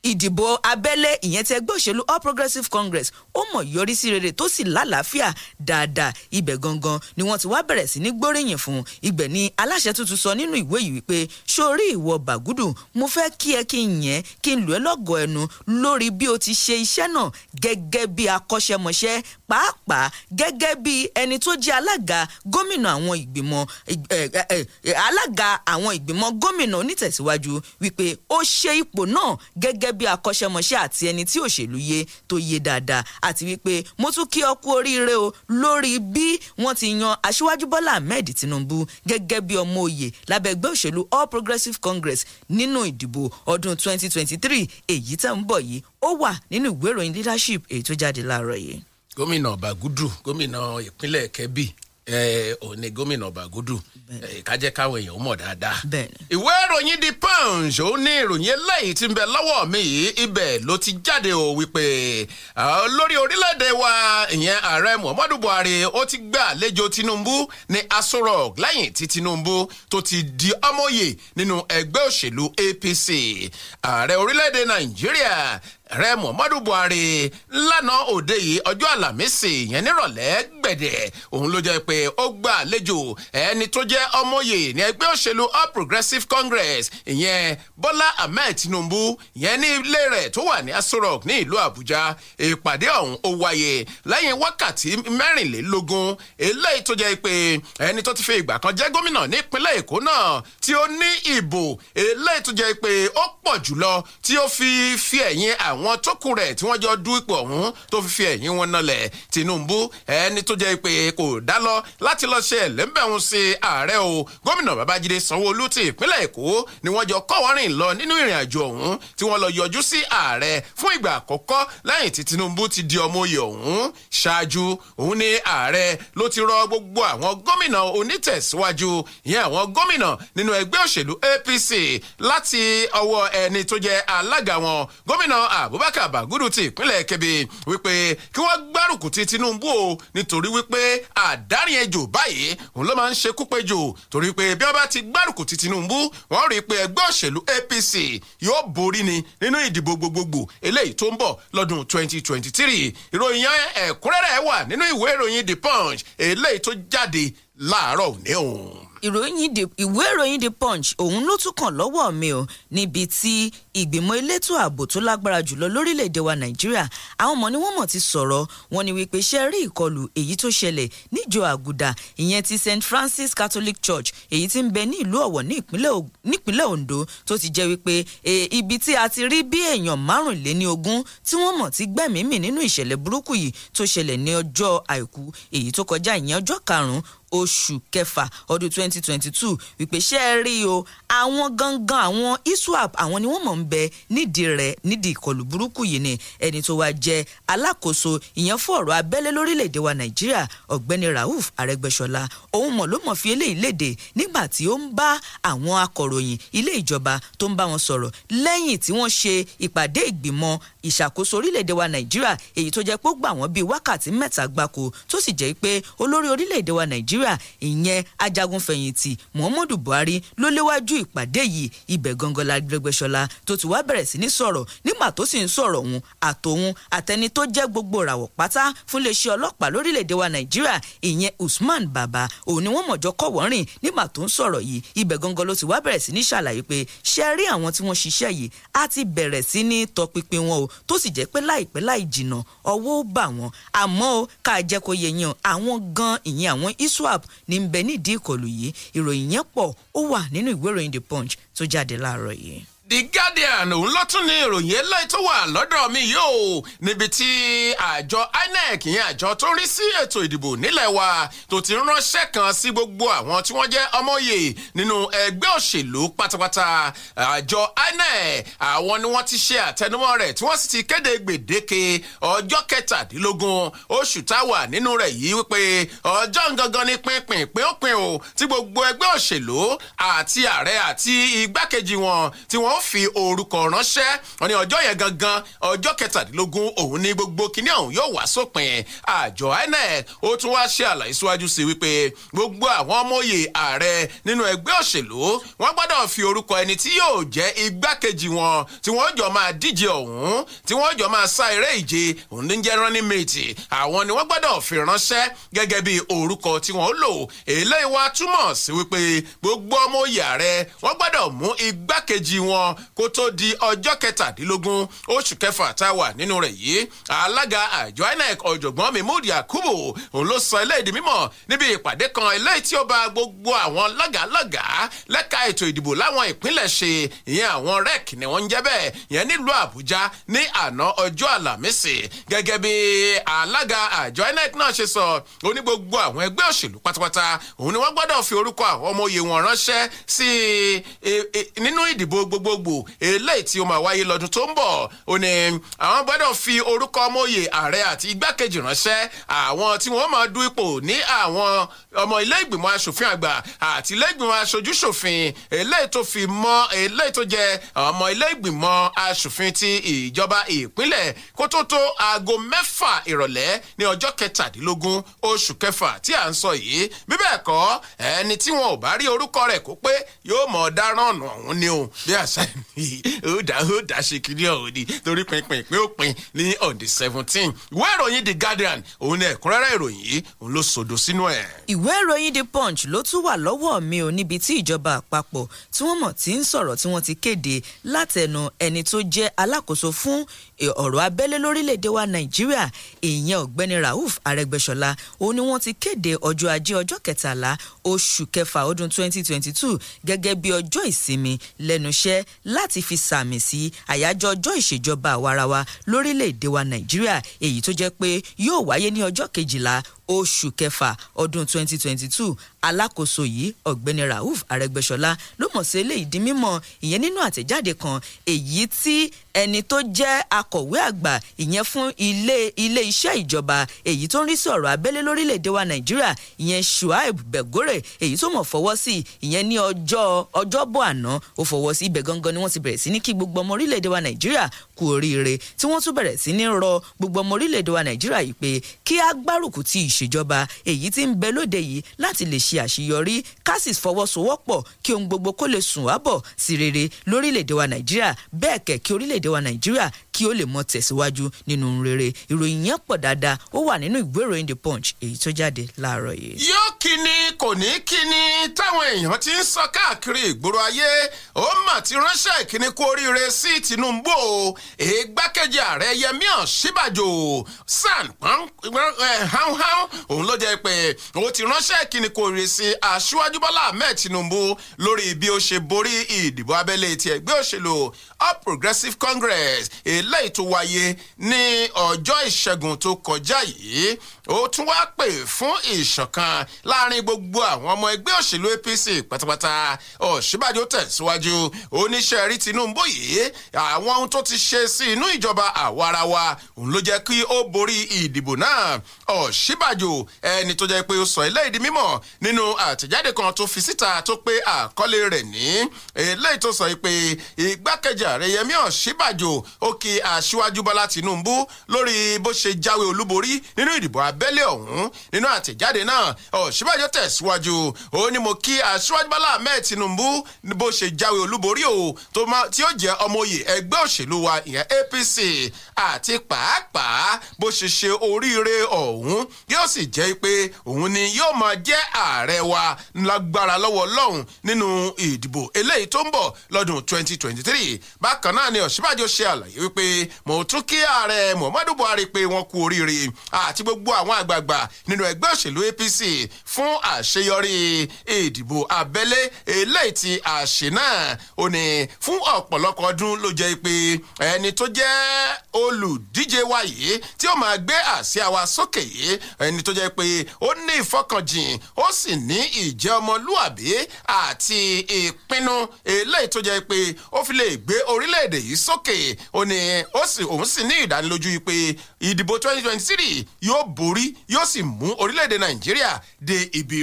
ìdìbò abẹ́lé ìyẹn ti ẹgbẹ́ òṣèlú All Progressives Congress ó mọ̀ yọrí sí rere tó sì lálàáfíà dáadáa ibẹ̀ gangan ni wọ́n ti wá bẹ̀rẹ̀ sí ní gbóríyìn fún ibẹ̀ ni aláṣẹ tuntun sọ nínú ìwé yìí wípé sórí ìwọ Bàgúdù mo fẹ́ kí ẹ kí n yẹn kí n lù ẹ́ lọ́gọ̀ ẹnu lórí bí o ti ṣe iṣẹ́ náà gẹ́gẹ́ bí akọ́ṣẹ́mọṣẹ́ pàápàá gẹ́gẹ́ bí ẹni tó jẹ́ alága gómìnà àwọn ìgbìmọ̀ alága àwọn ìgbìmọ̀ gómìnà onítẹ̀síwájú wípé ó ṣe ipò náà gẹ́gẹ́ gẹ́gẹ́ bí akọ́ṣẹ́mọṣẹ́ àti ẹni tí òṣèlú yé tó yé dáadáa àti wípé mo tún kí ọ kú oríire o lórí bí wọ́n ti yan aṣíwájú bọ́lá ahmed tinubu gẹ́gẹ́ bí ọmọ òye lábẹ́ òṣèlú all progressives congress nínú ìdìbò ọdún 2023 èyí tẹ̀ ń bọ̀ yìí ó wà nínú ìwé ìròyìn leadership èyí tó jáde láàárọ̀ yìí. gómìnà bàgúdù gómìnà ìpínlẹ̀ kẹ́bì òní gómìnà bàgódù kájẹ́ káwọn èèyàn mọ̀ dáadáa. ìwé ìròyìn the punch ó ní ìròyìn eléyìí tí ń bẹ lọ́wọ́ mi yìí ibẹ̀ ló ti jáde o wípé lórí orílẹ̀-èdè wa ìyẹn ààrẹ muhammadu buhari ó ti gbà àlejò tinubu ní aso rock lẹ́yìn tí tinubu tó ti di ọmọye nínú ẹgbẹ́ òṣèlú apc ààrẹ orílẹ̀-èdè nàìjíríà rẹ muhammadu buhari lánàá òde yìí ọjọ́ àlàmísì yẹn nírọ̀lẹ́ Ọ̀pẹ̀dẹ̀ òun ló jẹ́ pé ó gba àlejò ẹni tó jẹ́ ọmọye ní ẹgbẹ́ òṣèlú All Progressives Congress ìyẹn Bọ́lá Ahmed Tinubu ìyẹn ní ilé rẹ̀ tó wà ní Aso Rock ní ìlú Àbújá ìpàdé ọ̀hún ó wáyé lẹ́yìn wákàtí mẹ́rìnlélógún eléyìí tó jẹ́ pé ẹni tó ti fi ìgbà kan jẹ́ gómìnà nípínlẹ̀ Èkó náà tí ó ní ìbò eléyìí tó jẹ́ pé ó pọ̀ jùlọ tí ó fi fi ẹ̀yìn àwọn tó rẹ̀ tí wọ́n jọ du ọ̀hún tó fi fi ẹ̀yìn wọn nalẹ̀ Tinubu ẹni tó jẹ́ pé kò dá lọ láti lọ ṣe ẹ̀lẹ́mbẹ̀hún sí ààrẹ o gómìnà babájídé sanwóolu ti ìpínlẹ̀ èkó ni wọ́n jọ kọ́wọ́rìn lọ nínú ìrìn àjò ọ̀hún tí wọ́n lọ yọjú sí ààrẹ fún ìgbà àkọ́kọ́ lẹ́yìn tí tinubu ti di ọmọ oyè ọ̀hún ṣáájú òun ni ààrẹ ló ti rọ gbogbo àwọn gómìnà onítẹ̀síwájú ìyẹn àwọn gómìnà nínú ẹgbẹ́ òṣèlú apc láti ọwọ́ ẹni tó jẹ́ alága wọn gómìnà abubakar bagudu ti ìpínlẹ̀ kebbi wípé kí wọ́n gbárùkù ti tinubu o nítorí wípé àdárin ejò báyìí òun ló máa ń ṣekú pejò torí pé bí wọ́n bá ti gbárùkù ti Tinubu wọ́n rí i pé ẹgbẹ́ òṣèlú APC yóò borí ni nínú ìdìbò gbogbogbò eléyìí tó ń bọ̀ lọ́dún 2023 ìròyìn ẹ̀kúnrẹ́rẹ́ wà nínú ìwé ìròyìn The Punch eléyìí tó jáde láàárọ̀ òní òun ìròyìn ìwé ìròyìn the punch òun ló tún kàn lọ́wọ́ mi o níbi tí ìgbìmọ̀ elétò ààbò tó lágbára jùlọ lórílẹ̀‐èdè wa nàìjíríà àwọn ọmọ ni wọ́n mọ̀ ti sọ̀rọ̀ wọn ni wípé ṣe rí ìkọlù èyí tó ṣẹlẹ̀ níjọ àgùdà ìyẹn ti st francis catholic church èyí tí ń bẹ ní ìlú ọ̀wọ̀ nípínlẹ̀ ondo tó ti jẹ́ wípé e, ibi tí a ti rí bí èèyàn márùnléní ogún tí wọ́n mọ̀ ti gbẹ̀mí mì nínú ìṣẹ̀lẹ̀ burúkú yìí tó ṣẹlẹ̀ ní ọjọ́ àìkú èyí tó kọjá ìyẹn ọjọ́ karùn-ún oṣù kẹfà ọdún 2022 wípé ṣé ẹ rí o àwọn gangan àwọn iswap àwọn ni wọ́n mọ̀ ń bẹ nídìí rẹ̀ nídìí ìkọlù burúkú yìí ni ẹni tó wá jẹ́ alákòóso ìyẹn fún ọ̀rọ̀ abẹ́lé lórílẹ̀‐èdè wa nàìjíríà ọ̀gbẹ́ni rauf arẹ́gbẹ́ṣọlá òun mọ̀ ló mọ̀ fi eléyìí léde nígbà tí ó ń bá àwọn akọ̀ròyìn ilé ìjọba tó ń bá wọn sọ̀rọ̀ lẹ́yìn tí wọ́n ṣe ìpàdé ìgbìmọ̀ ìṣàkóso orílẹ̀-èdè wa nàìjíríà èyí tó jẹ́ pé ó gbà wọ́n bíi wákàtí mẹ́ta gbáko tó sì jẹ́ pé olórí orílẹ̀-èdè wa nàìjíríà ìyẹn ajagunfẹ̀yìntì muhammadu buhari ló léwájú ìpàdé yìí ibẹ̀ gangan la gbẹgbẹsọlá tó ti wá bẹ̀rẹ̀ sí ní sọ̀rọ̀ nígbà tó sì ń sọ̀rọ̀ òun àtòun àtẹni tó jẹ́ gbogbo ràwọ̀ pátá fún iléeṣẹ́ ọlọ́pàá lórílẹ̀‐èdè wa nàìjíríà ìyẹn usman baba òun ni wọ́n mọ̀jọ́ kọ̀wọ́ rìn nígbà tó ń sọ̀rọ̀ yìí ibẹ̀ gangan ló ti wá bẹ̀rẹ̀ sí ní ṣàlàyé pé ṣe rí tó sì jẹ́ pé láìpẹ́ láì jìnnà ọwọ́ ó bà wọ́n àmọ́ ó ká jẹ́ kó yẹ àwọn gan ìyẹn àwọn iswap ní ń bẹ nídìí ìkọlù yìí ìròyìn yẹn pọ̀ ó wà nínú ìwé ìròyìn The Punch tó jáde láàárọ̀ yìí. The Guardian òun ló tún ní ìròyìn eléyìí tó wà lọ́dọ̀ mi yóò níbi tí àjọ INEC ìyẹn àjọ tó ń rí sí ètò ìdìbò nílẹ̀ wa tó ti ránṣẹ́ kan sí gbogbo àwọn tí wọ́n jẹ́ ọmọye nínú ẹgbẹ́ òṣèlú pátápátá àjọ INEC àwọn ni wọ́n ti ṣe àtẹnumọ́ rẹ̀ tí wọ́n sì ti kéde gbèdéke ọjọ́ kẹtàdínlógún oṣù táwà nínú rẹ̀ yìí wípé ọjọ́ gangan ni pínpín pín ó pín o tí gbogbo ẹgbẹ́ òṣèlú àti ààrẹ àti igbákejì wọn tí wọ́n ó fi orúkọ ránṣẹ́ wọn ní ọjọ́ yẹn gangan ọjọ́ kẹtàdínlógún òun ní gbogbo kíní ọ̀hún yóò wá sópin àjọ inec ó tún wá ṣe àlàyé síwájú sí wípé gbogbo àwọn ọmọye ààrẹ nínú ẹgbẹ́ òṣèlú wọ́n gbọ́dọ̀ fi orúkọ ẹni tí yóò jẹ́ igbákejì wọn tí wọ́n jọ máa díje ọ̀hún tí wọ́n jọ máa sá eré ìje òun ní jẹ́ running mate àwọn ni wọ́n gbọ́dọ̀ fi ránṣẹ́ gẹ́gẹ́ bí orúkọ tí wọ́n lò eléyìí wá túmọ̀ sí wípé gbogbo ọmọye ààrẹ wọ́n gbọ́dọ̀ mú igbákejì wọn kan kó tó di ọjọ́ kẹtàdínlógún oṣù kẹfà tá a wà nínú rẹ̀ yìí alága àjọ inec ọ̀jọ̀gbọ́n mahmood yakubu òun ló sọ eléyìí mímọ̀ níbi ìpàdé kan eléyìí tí ó ba gbogbo àwọn lágàlágà lẹ́ka ètò ìdìbò láwọn ìpínlẹ̀ ṣe ìyẹn àwọn rec ni wọ́n ń jẹ́ bẹ́ẹ̀ ìyẹn nílùú àbújá ní àná ọjọ́ àlàmísì gẹ́gẹ́ bí alága àjọ inec náà ṣe sọ ó ní gbogbo àwọn ẹgbẹ́ òṣèlú pátápátá òun ni wọ́n gbọ́dọ̀ fi orúkọ àwọn ọmọ òye wọn ránṣẹ́ sí e, e, nínú ìdìbò gbogbo gbogbogbò eléyìí tí ó máa wáyé lọ́dún tó ń bọ̀ ó ní àwọn gbọ́dọ̀ fi orúkọ mòye ààrẹ àti igbákejì ránṣẹ́ àwọn tí wọ́n máa du ipò ní àwọn ọmọ ilé ìgbìmọ̀ asòfin àgbà àti ilé ìgbìmọ̀ aṣojú ṣòfin eléyìí tó fi mọ́ eléyìí tó jẹ ọmọ ilé ìgbìmọ̀ asòfin ti ìjọba ìpínlẹ̀ kó tó tó aago mẹ́fà ìrọ̀lẹ́ ní ọjọ́ kẹtàdínlógún oṣù kẹfà tí à ń sọ yìí bí bẹ́ẹ̀ kọ́ ẹni tí wọn ò bá rí orúkọ rẹ̀ kó pé yóò mọ̀ dáràn ọ̀nà ọ̀hún ni o bí àṣà sẹ́mi hódàhódà ṣe kiri ọ̀hún ni torí pinpin pé ó pin ní on the seventeen ìwé ìròyìn the guardian òun ní ẹ̀kúnrẹ́rẹ́ ìròyìn yìí òun ló sodo sínú ẹ̀. ìwé ìròyìn the punch ló tún wà lọ́wọ́ mi ò níbi tí ìjọba àpapọ̀ tí wọ́n mọ̀ ti ń sọ̀rọ̀ tí wọ́n ti kéde látẹnu ẹni tó jẹ́ alákòóso fún ọ̀rọ̀ abẹ́lé lórílẹ̀‐èdè wa nàìjíríà ìyẹn ọ̀gbẹ́ni rauf arẹ́gbẹ́ṣọlá òun ni wọ́n ti kéde ọjọ́ ajé ọjọ́ kẹtàlá oṣù kẹfà ọdún 2022 gẹ́gẹ́ bí ọjọ́ ìsinmi lẹ́nu iṣẹ́ láti fi sàmì sí àyájọ́ ọjọ́ ìṣèjọba àwarawa lórílẹ̀‐èdè wa nàìjíríà èyí tó jẹ́ pé yóò wáyé ní ọjọ́ kejìlá oṣù kẹfà ọdún 2022 alákòóso yìí ọ̀gbẹ́ni rauf arẹ́gbẹ́ṣọlá ló mọ̀ sí eléyìí di mímọ̀ ìyẹn nínú àtẹ̀jáde kan èyí tí ẹni tó jẹ́ akọ̀wé àgbà ìyẹn fún ilé ilé iṣẹ́ ìjọba èyí tó ń rí sí ọ̀rọ̀ abẹ́lé lórílẹ̀‐èdè wa nàìjíríà ìyẹn shuaib begore èyí tó mọ̀ fọwọ́ sí ìyẹn ní ọjọ́ ọjọ́bọ̀ àná ó fọwọ́ sí ibẹ̀ gangan ni wọ́n ti bẹ̀rẹ̀ sí ní kí gbogbo ọmọ orílẹ̀‐èdè wa nàìjíríà kú oríire tí wọ́n tún bẹ̀rẹ̀ sí ní rọ gbogbo ọmọ orílẹ̀‐èdè wa nàìjíríà yìí pé kí á gbárùkù ti ìṣ ìṣèjọba èyí tí ń bẹ lóde yìí láti lè ṣe àṣeyọrí ká sì fọwọ́sowọ́pọ̀ kí ohun gbogbo kó lè sùn wábọ̀ sí rere lórílẹ̀‐èdè wa nàìjíríà bẹ́ẹ̀ kẹ̀ kí orílẹ̀‐èdè wa nàìjíríà kí ó lè mọ tẹ̀síwájú nínú rere ìròyìn yẹn pọ̀ dáadáa ó wà nínú ìwé ìròyìn the punch èyí tó jáde láàárọ̀ yìí. yóò kíni kò ní kíni táwọn èèyàn ti ń sọ káàkiri ìgboro ayé ó mà ti ránṣẹ́ ìkíni kú oríire sí Tinubu o ìgbákejì ààrẹ Yẹmí Ọ̀ṣínbàjò san hánhán eh, òun ló jẹ́ pé ó ti ránṣẹ́ ìkíni kú oríire sí Aṣíwájú Bọ́lá Ahmed Tinubu lórí bí ó ṣe borí ìdìbò abẹ́lé ti ẹgbẹ́ òṣèlú All Progressives Congress eléyìí tó wáyé ní ọjọ́ ìṣẹ́gun tó kọjá yìí ó tún wá pè fún ìṣọ̀kan láàrin gbogbo àwọn ọmọ ẹgbẹ́ òṣèlú APC pátápátá Ọ̀ṣínbàjò tẹ̀síwájú oníṣẹ́ rí Tinubu yìí àwọn ohun tó ti ṣe sí inú ìjọba àwarawa òun ló jẹ́ kí ó borí ìdìbò náà Ọ̀ṣínbàjò ẹni tó jẹ́ pé ó sọ eléyìí di nínú àtẹ̀jáde kan tó fi síta tó pé àkọlé rẹ̀ ní eléyìí tó sọ pé igbákejì ààrẹ Yẹmí Ọ̀ṣínbàjò ó kí kí aṣíwájú bọ́lá tìǹbù lórí bó ṣe jáwé olúborí nínú ìdìbò abẹ́lé ọ̀hún nínú àtẹ̀jáde náà ọ̀ṣíbàjọ́ tẹ̀síwájú ó ní mo kí aṣíwájú bọ́lá ahmed tìǹbù bó ṣe jáwé olúborí o tí ó jẹ́ ọmọ oyè ẹgbẹ́ òṣèlú wa ìyẹn apc àti pàápàá bó ṣe ṣe oríire ọ̀hún yóò sì jẹ́ pé òun ni yóò máa jẹ́ ààrẹ wa lágbára lọ́wọ́ ọlọ́run nínú ìdìbò eléyìí tó ń bọ̀ lọ́dún 2023 bákan náà ni ọ̀ṣíbàjọ́ ṣe àlàyé wípé pé mo tún kí ààrẹ muhammadu buhari pé wọ́n kú oríire àti gbogbo àwọn àgbààgbà nínú ẹgbẹ́ òṣèlú apc fún àṣeyọrí ìdìbò abẹ́lé eléyìí ti àṣẹ náà ó ní fún ọ̀pọ̀lọpọ̀ ọdún ló jẹ́ pé ẹni tó jẹ́ olùdíje wa yìí tí ó máa gbé àsíá wa sókè yìí ẹni tó jẹ́ pé ó ní ìfọkànjìn ó sì ní ìjẹ́ ọmọlúàbí àti ìpinnu eléyìí tó jẹ́ pé ó fi lè gbé orílẹ̀-èdè yìí sókè ó ní yẹn ó sì òun sì ní ìdánilójú yìí pé ìdìbò 2023 yóò borí yóò sì mú orílẹ̀-èdè nàìjíríà dé ibi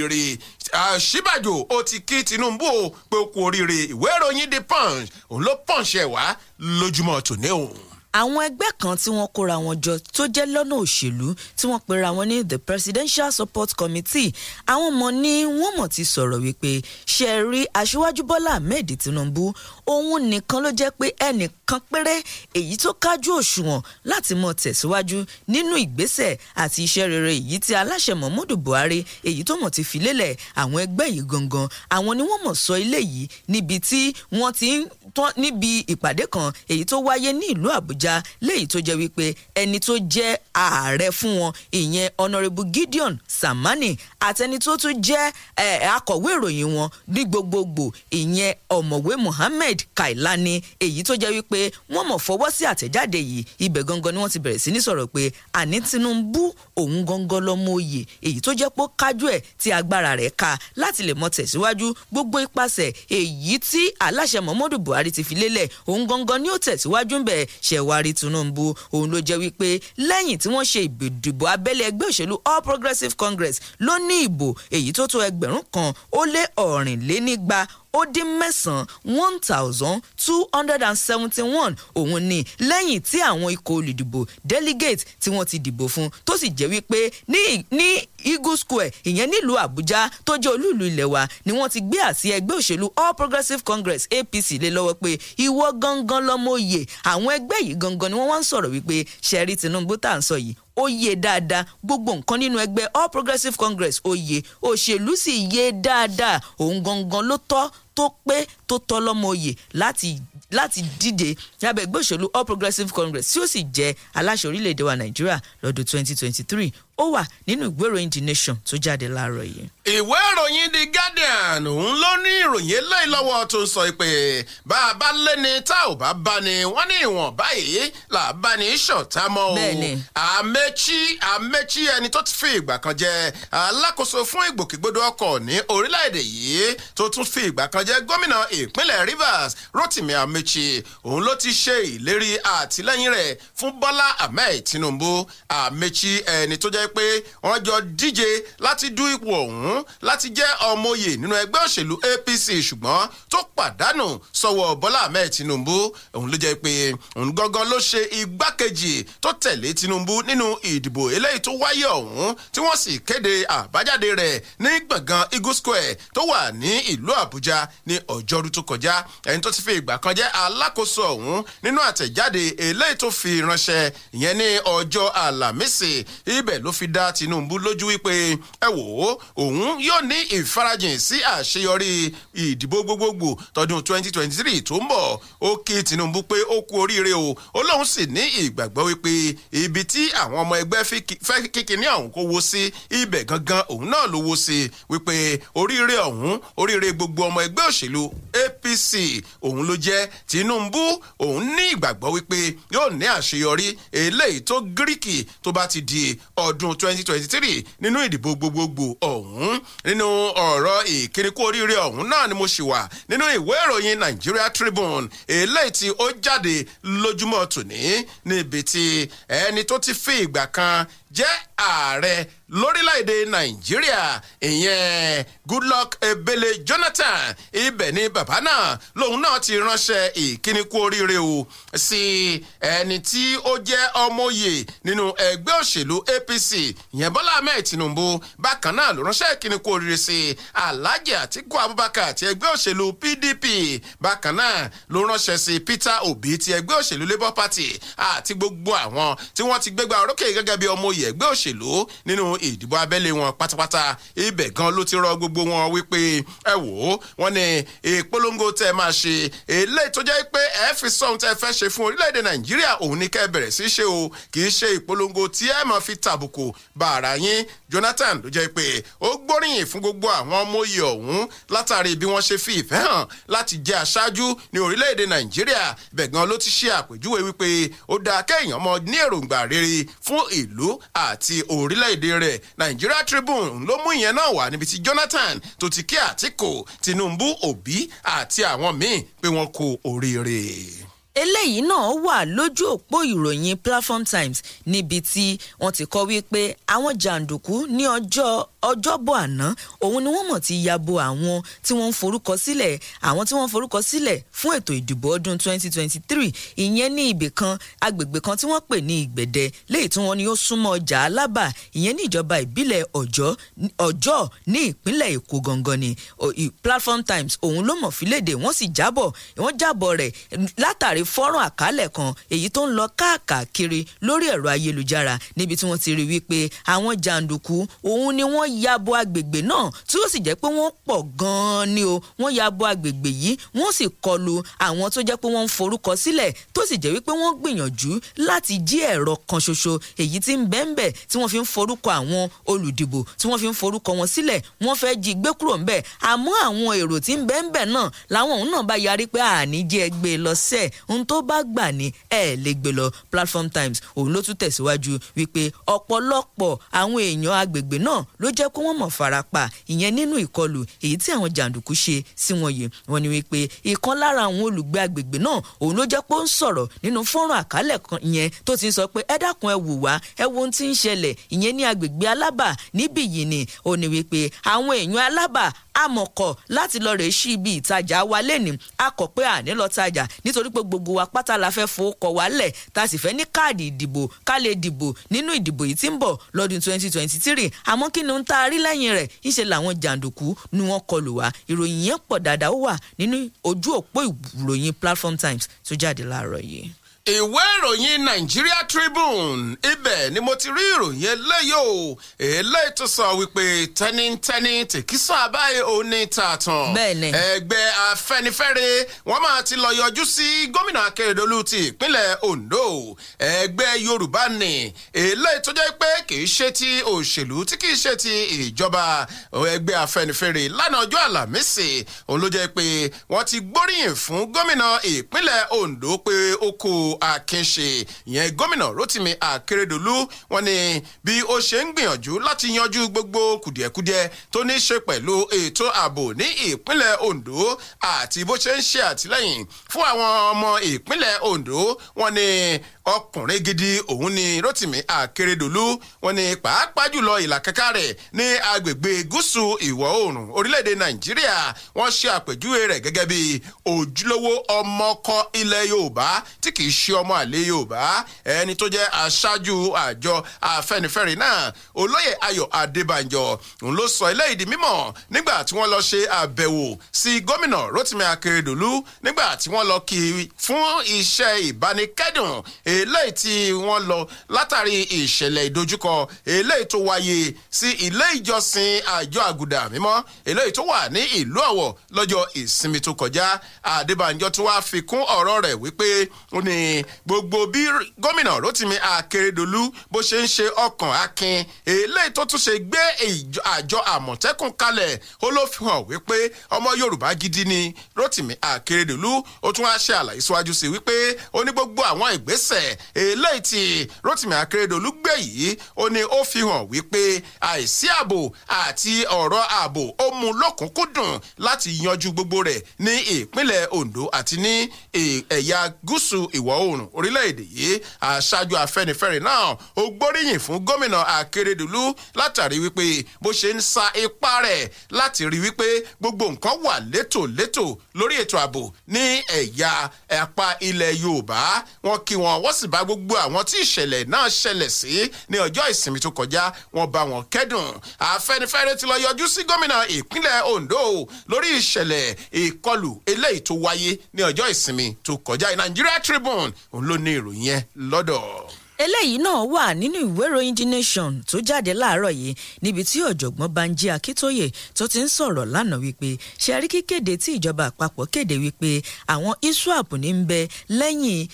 ṣíbàjò ó ti kí tinubu o pé kú oríire ìwé ìròyìn the punch òun ló punch ẹ̀ wá lójúmọ́ tòní òun àwọn ẹgbẹ́ kan tí wọ́n kóra wọn jọ tó jẹ́ lọ́nà òṣèlú tí wọ́n pera wọn ní the presidential support committee àwọn ọmọ ní wọ́n mọ̀ ti sọ̀rọ̀ wípé ṣe rí aṣíwájú bọ́lá ahmed tinubu òun nìkan ló jẹ́ pé ẹnìkan péré èyí tó kájú òṣùwọ̀n láti mọ tẹ̀síwájú nínú ìgbésẹ̀ àti iṣẹ́ rere èyí tí aláṣẹ Muhammadu Buhari èyí tó mọ̀ ti fi lélẹ̀ àwọn ẹgbẹ́ yìí gangan àwọn ni wọ́n mọ̀ sọ ilé yìí níbi tí wọ́n ti ń tán níbi ìpàdé kan èyí tó wáyé ní ìlú Àbújá léyìí tó jẹ́ wípé ẹni tó jẹ́ ààrẹ fún wọn ìyẹn Honourable Gideon Samani àtẹni tó tún jẹ́ akọ̀wé ìròyìn wọn ní gbogbogbò ìyẹn ọ̀mọ̀wé Mohammed Mohammed Kailani èyí tó jẹ́ wípé wọ́n mọ̀ fọwọ́ sí àtẹ̀jáde yìí ibẹ̀ gangan ni wọ́n ti bẹ̀rẹ̀ sí ní sọ̀rọ̀ pé àní Tinubu òun gangan lọ́mọ oyè èyí tó jẹ́ pé kájú ẹ̀ tí agbára rẹ̀ ka láti lè mọ tẹ̀síwájú gbogbo ipasẹ̀ èyí tí aláṣẹ Muhammadu Buhari ti fi lélẹ̀ òun gangan ni ó tẹ̀síwájú ń bẹ̀ ṣẹ̀wárí Tinubu òun ló jẹ́ wípé lẹ́yìn tí wọ́n ṣe ìdìbò abẹ́lé ẹgbẹ́ òṣèlú All Progressives Congress ló ní ìbò èyí tó tó ẹgbẹ̀rún kan ó lé ọ̀rìnlénígba ó dín mẹ́sàn-án one thousand two hundred and seventy one òun ni lẹ́yìn tí àwọn ikọ̀ olùdìbò delegate tí wọ́n ti dìbò fún tó sì jẹ́ wípé ní ní eagle square ìyẹn nílùú àbújá tó jẹ́ olúìlú ilẹ̀ wa ni wọ́n ti gbé àsíá ẹgbẹ́ òṣèlú all progressives congress apc lé lọ́wọ́ pé ìwọ gangan lọ́mọ òye àwọn ẹgbẹ́ yìí gangan ni wọ́n wá ń sọ̀rọ̀ wípé ṣẹ́rí tinubu tá à ń sọ yìí ó yé dáadáa gbogbo nǹkan nínú ẹgbẹ́ All Progressives Congress ó yé òṣèlú sì yé dáadáa òun gangan ló tọ́ tó pé tó tọ́ lọ́mọ oyè láti láti díje lábẹ́ ẹgbẹ́ òṣèlú All Progressives Congress tí ó sì jẹ́ aláṣẹ orílẹ̀-èdè wa Nàìjíríà lọ́dún 2023 ó wà nínú ìwé ìròyìn the nation tó jáde láàárọ̀ yìí. ìwé ìròyìn the guardian òun ló ní ìròyìn eléyìí lọ́wọ́ tó sọ pé bá a bá lé ni tá ò bá bá ni wọ́n ní ìwọ̀n báyìí là á bá ni ṣọ̀tá mọ́ o. bẹ́ẹ̀ni. àmẹ́chí àmẹ́chí ẹni tó ti fi ìgbà kan jẹ alákòóso fún ìgbòkègbodò ọkọ̀ ní orílẹ̀-èdè yìí tó tún fi ìgbà kan jẹ gómìnà ìpínlẹ̀ rivers rotimi àmẹ́chí òun ló ti ṣe ìlérí àtìlẹ́yìn rẹ̀ fún bọ́lá ahmed tinubu àmẹ́chí ẹni tó jẹ́ pé wọ́n jọ díje láti du ipò ọ̀hún láti jẹ́ ọmọoyè nínú ẹgbẹ́ òṣèlú APC ṣùgbọ́n tó pàdánù sọ́wọ́ Bọ́lá Ahmed Tinubu òun ló jẹ́ pé òun gangan ló ṣe igbákejì tó tẹ̀lé Tinubu nínú ìdìbò eléyìí tó wáyé ọ̀hún tí wọ́n sì kéde àbájáde rẹ̀ ní gbọ̀ngàn Eagle Square tó wà ní ìlú Àbújá ní ọjọ́rú tó kọjá ẹni tó ti fi ìgbà kan jẹ́ alákòóso ọ̀hún nínú àtẹ̀jáde eléyìí tó fi ránṣẹ́ ìyẹn ní ọjọ́ Àlàmísì ibẹ̀ ló fi dá Tinubu lójú wípé ẹ wò ó òun yóò ní ìfarajìn sí àṣeyọrí ìdìbò gbogbogbò tọdún 2023 tó ń bọ̀ ó kí Tinubu pé ó kú oríire o ó lóun sì ní ìgbàgbọ́ wípé ibi tí àwọn ọmọ ẹgbẹ́ fẹ́ kíkiní ọ̀hún kó wo sí ibẹ̀ gangan òun náà ló wo sí wípé oríire ọ̀hún oríire gbogbo ọmọ ẹgbẹ́ òṣèlú APC òun ló jẹ́ Tinubu òun ní ìgbàgbọ́ wípé yóò ní àṣeyọrí eléyìí tó gíríkì tó bá ti di ọdún ọdún 2023 nínú ìdìbò gbogbogbò ọ̀hún nínú ọ̀rọ̀ ìkíníkù oríire ọ̀hún náà ni mo ṣì wà nínú ìwé ìròyìn Nigeria Tribune eléyìí tí ó jáde lójúmọ́ tòní níbi tí ẹni tó ti fi ìgbà kan jẹ́ ààrẹ lórílẹ̀‐èdè nàìjíríà ìyẹn goodluck ebele jonathan ibẹ̀ ni bàbá náà lòun náà ti ránṣẹ́ ìkíni kú oríire o sí ẹni tí ó jẹ́ ọmọye nínú ẹgbẹ́ òṣèlú apc ìyẹn bọ́lá ahmed tinubu bákan náà ló ránṣẹ́ ìkíni kú oríire sí alhaji atiku abubakar ti ẹgbẹ́ òṣèlú pdp bákan náà ló ránṣẹ́ sí peter obi ti ẹgbẹ́ òṣèlú labour party àti gbogbo àwọn tí wọ́n ti gbégbá orókè gẹ́gẹ́ bí ọmọye oyè ẹgbẹ́ òṣèlú nínú ìdìbò abẹ́lé wọn pátápátá ibẹ̀ gan ló ti rọ gbogbo wọn wípé ẹ wò ó wọn ni ìpolongo tẹ ẹ máa ṣe eléyìí tó jẹ́ pé ẹ fi sọ ohun tẹ ẹ fẹ́ ṣe fún orílẹ̀-èdè nàìjíríà òun ni kẹ́ bẹ̀rẹ̀ sí ṣe o kì í ṣe ìpolongo tí ẹ máa fi tàbùkù bá yín jonathan ló jẹ́ pé ó gbóríyìn fún gbogbo àwọn ọmọ oyè ọ̀hún látàrí bí wọ́n ṣe fi ìfẹ́ hàn láti jẹ́ aṣáájú ní orílẹ̀-èdè nàìjíríà ibẹ̀ gan ló ti ṣe àpèjúwe wípé ó dáa kéèyàn mọ ní èròǹgbà rere fún ìlú àti orílẹ̀-èdè rẹ̀ Nigeria Tribune ló mú ìyẹn náà wá níbi tí Jonathan tó ti Tinubu Obi àti àwọn míì pé wọ́n kú oríire eléyìí náà wà lójú òpó ìròyìn Platform Times níbi tí wọ́n ti kọ wípé àwọn jàǹdùkú ní ọjọ́ ọjọ́bọ̀ àná òun ni wọ́n mọ̀ ti ya bo àwọn tí wọ́n ń forúkọ sílẹ̀ àwọn tí wọ́n ń forúkọ sílẹ̀ fún ètò ìdìbò ọdún 2023 ìyẹn ní ibì kan agbègbè kan tí wọ́n pè ní ìgbẹ̀dẹ léyìí tí wọ́n ní ó súnmọ́ ọjà alábà ìyẹn ní ìjọba ìbílẹ̀ ọ̀jọ́ ní ìpínlẹ̀ èkó gangan ni platform times òun ló mọ̀ fílédè wọ́n sì jábọ̀ wọ́n jábọ̀ rẹ̀ látàrí fọ́rùn àkálẹ̀ kan èyí tó ń lọ káàkiri lórí ẹ̀rọ ayélujára níbi tí wọ́n ti rí wípé àwọn jàǹdùkú òun ni wọ́n wọ́n ya bo agbègbè náà tí ó sì jẹ́ pé wọ́n pọ̀ gan-an ni o wọ́n ya bo agbègbè yìí wọ́n sì kọlu àwọn tó jẹ́ pé wọ́n ń forúkọ sílẹ̀ tó sì jẹ́ wípé wọ́n gbìyànjú láti jí ẹ̀rọ kan ṣoṣo èyí tí ń bẹ́ńbẹ́ tí wọ́n fi ń forúkọ àwọn olùdìbò tí wọ́n fi ń forúkọ wọn sílẹ̀ wọ́n fẹ́ jí gbé kúrò ńbẹ̀ àmọ́ àwọn èrò tí ń bẹ́ńbẹ́ náà làwọn òun náà bá yarí pé àní jẹ́ gbé e lọ sẹ́ẹ̀ ohun tó bá gbà ní ẹ̀ lè gbé e lọ platform times òun ló tún tẹ̀síwájú wípé ọ̀pọ̀lọpọ̀ àwọn èèyàn agbègbè náà ló jẹ́ kó wọ́n mọ̀ farapa ìyẹn nínú ìkọlù èyí tí àwọn jàǹdùkú ṣe sí wọn yìí wọ́n ní wípé ìkan lára àwọn olùgbé agbègbè náà òun ló jẹ́ pé ó ń sọ̀rọ̀ nínú fọ́nrán àkálẹ̀ kan yẹn tó ti ń sọ pé ẹ dákun ẹ wò wá ẹ wo ohun tí ń ṣẹlẹ̀ ìyẹn ní agbègbè alábà níbí yìí ni ó ní wípé àwọn èèyàn alábà àmọ̀kọ̀ láti lọ rèé sí ibi ìtajà wa lẹ́ni akọ̀ pé àní lọ tajà nítorí pé gbogbo wa pátá la fẹ́ fowó kọ wa lẹ̀ ta sì fẹ́ ní káàdì ìdìbò ká lè dìbò nínú ìdìbò yìí tí ń bọ̀ lọ́dún 2023 àmọ́ kí ni ó ń tá a rí lẹ́yìn rẹ̀ ńṣe làwọn jàǹdùkú ni wọ́n kọlù wá ìròyìn yẹn pọ̀ dáadáa ó wà nínú ojú òpó ìròyìn platform times tó jáde láàárọ̀ yìí ìwé ìròyìn Nigeria Tribune ibẹ̀ ni mo ti rí ìròyìn eléyìí o eléyìí tó sọ wípé tẹnitẹni tèkísọ àbáyé òní tààtàn ẹgbẹ́ Afẹ́nifẹ́re wọ́n máa ti lọ yọjú sí gómìnà Akérédolú ti ìpínlẹ̀ Ondo ẹgbẹ́ Yorùbá ni eléyìí tó jẹ́ pé kìí ṣe ti òṣèlú tí kìí ṣe ti ìjọba ẹgbẹ́ Afẹ́nifẹ́re lánàá ọjọ́ Àlàmísì òun ló jẹ́ pé wọ́n ti gbóríyìn fún gómìnà ìpínlẹ̀ Ondo pé ó kó akínṣe ìyẹn gómìnà rotimi akérèdọ́lù wọ́n ní bí ó ṣe ń gbìyànjú láti yanjú gbogbo kùdìẹ̀kudiẹ tó ní ṣe pẹ̀lú ètò ààbò ní ìpínlẹ̀ ondo àti bó ṣe ń ṣe àtìlẹ́yìn fún àwọn ọmọ ìpínlẹ̀ ondo wọ́n ní ọkùnrin gidi òun ni Rotimi Akeredolu wọn ni pàápàá jùlọ ìlàkàkà rẹ̀ ní agbègbè gúúsù ìwọ̀ oòrùn orílẹ̀-èdè Nàìjíríà wọ́n ṣe àpèjúwe rẹ̀ gẹ́gẹ́ bí ojúlówó ọmọkọ ilẹ̀ Yorùbá tí kì í ṣe ọmọ àlè Yorùbá ẹni tó jẹ́ aṣáájú àjọ Afẹ́nifẹ́re náà olóyè Ayọ̀ Adébánjọ òun ló sọ ilé ìdí mímọ̀ nígbà tí wọ́n lọ ṣe àbẹ̀wò sí gómìnà Rotimi Akeredolu nígbà tí wọ́n lọ kí fún iṣẹ́ ìbánikẹ́dùn eléyìí tí wọ́n lọ látàrí ìṣẹ̀lẹ̀ ìdojúkọ eléyìí tó wáyé sí ilé ìjọsìn àjọ àgùdà mímọ́ eléyìí tó wà ní ìlú ọ̀wọ̀ lọ́jọ́ ìsinmi tó kọjá Adébánjọ tó wá fi kún ọ̀rọ̀ rẹ̀ wípé ó ní gbogbo bí gómìnà Rotimi Akeredolu bó ṣe ń ṣe ọkàn akin eléyìí tó tún ṣe gbé àjọ Àmọ̀tẹ́kùn kalẹ̀ ó ló fi hàn wípé ọmọ Yorùbá gidi ni Rotimi Akeredolu ó tún wá ṣe àlàyé síwájú sí wípé ó ní gbogbo àwọn ìgbésẹ̀ rẹ̀ eléyìí tí Rotimi Akeredolu gbé yìí ó ní ó fi hàn wípé àìsí ààbò àti ọ̀rọ̀ ààbò ó mú lọ́kùnkúndùn láti yanjú gbogbo rẹ̀ ní ìpínlẹ̀ Ondo àti ní ẹ̀yà gúúsù ìwọ̀ oòrùn orílẹ̀-èdè yìí aṣáájú Afẹ́nifẹ́re náà ó gbóríyìn fún gómìnà Akeredolu látàrí wípé bó ṣe ń sa ipá rẹ̀ láti rí wípé gbogbo nǹkan wà létòlétò lórí ètò ààbò ní ẹ̀yà apá ilẹ̀ Yorùbá wọn kí wọn wá wọ́n sì bá gbogbo àwọn tí ìṣẹ̀lẹ̀ náà ṣẹlẹ̀ sí ní ọjọ́ ìsinmi tó kọjá wọ́n bá wọn kẹ́dùn Afẹ́nifẹ́re ti lọ yọjú sí gómìnà ìpínlẹ̀ Ondo lórí ìṣẹ̀lẹ̀ ìkọlù eléyìí tó wáyé ní ọjọ́ ìsinmi tó kọjá Nigeria Tribune òun ló ní ìròyìn yẹn lọ́dọ̀ eléyìí náà wà nínú ìwé ìròyìn the nation tó jáde láàárọ̀ yìí níbi tí ọ̀jọ̀gbọ́n banji akitoye tó ti ń sọ̀rọ̀ lánàá wípé ṣẹ́rí kíkéde tí ìjọba àpapọ̀ kéde wípé àwọn iswap ní ń bẹ lẹ́yìn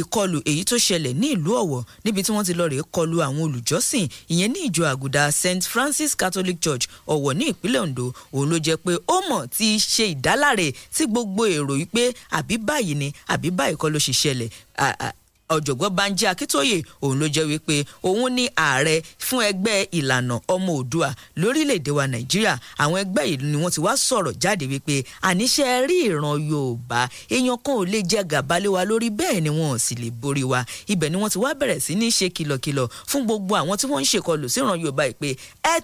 ìkọlù èyí tó ṣẹlẹ̀ ní ìlú ọ̀wọ̀ níbi tí wọ́n ti lọ rèé kọlù àwọn olùjọ́sìn ìyẹn ní ìjọ àgùdà st francis catholic church ọ̀wọ̀ ní ìpínlẹ̀ ondo òun ló jẹ́ pé ó mọ̀ ti ṣe ìdáláre tí gbogbo èrò wípé àbí báyìí ni àbí báyìí kọ́ ló ṣe ṣẹlẹ̀ ọ̀jọ̀gbọ́n banji akíntóyè òun ló jẹ́ wípé òun ní ààrẹ fún ẹgbẹ́ ìlànà ọmọ òdua lórílẹ̀‐èdè wa nàìjíríà àwọn ẹgbẹ́ yìí ni wọ́n ti wá sọ̀rọ̀ jáde wípé àníṣe rí ìran yorùbá èèyàn kan ò lè jẹ gàba lé wa lórí bẹ́ẹ̀ ni wọn sì lè borí wa ibẹ̀ ni wọ́n ti wá bẹ̀rẹ̀ sí ní ṣe kìlọ̀kìlọ̀ fún gbogbo àwọn tí wọ́n ń ṣèkọlù síran yorùbá yìí pé ẹ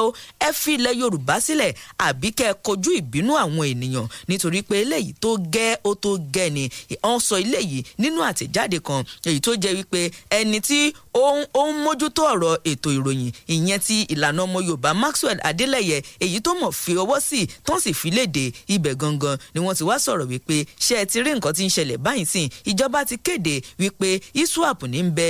o ẹ fi ilẹ̀ yorùbá sílẹ̀ àbí kẹ́ ẹ kojú ìbínú àwọn ènìyàn nítorí ni wọ́n sọ nínú àtẹ̀jáde kan èyí tó jẹ́ wípé ẹni tí ó ń mójútó ọ̀rọ̀ ètò ìròyìn ìyẹn ti ìlànà ọmọ Yorùbá Maxwell Adeleye èyí tó mọ̀ fi ọwọ́ sí tán sì fi léde ibẹ̀ gangan ni wọ́n ti wá sọ̀rọ̀ wípé ṣé ẹ ti rí nǹkan tí ń ṣẹlẹ̀ báyìí sìn ìjọba ti kéde wípé ISWAP ní ń bẹ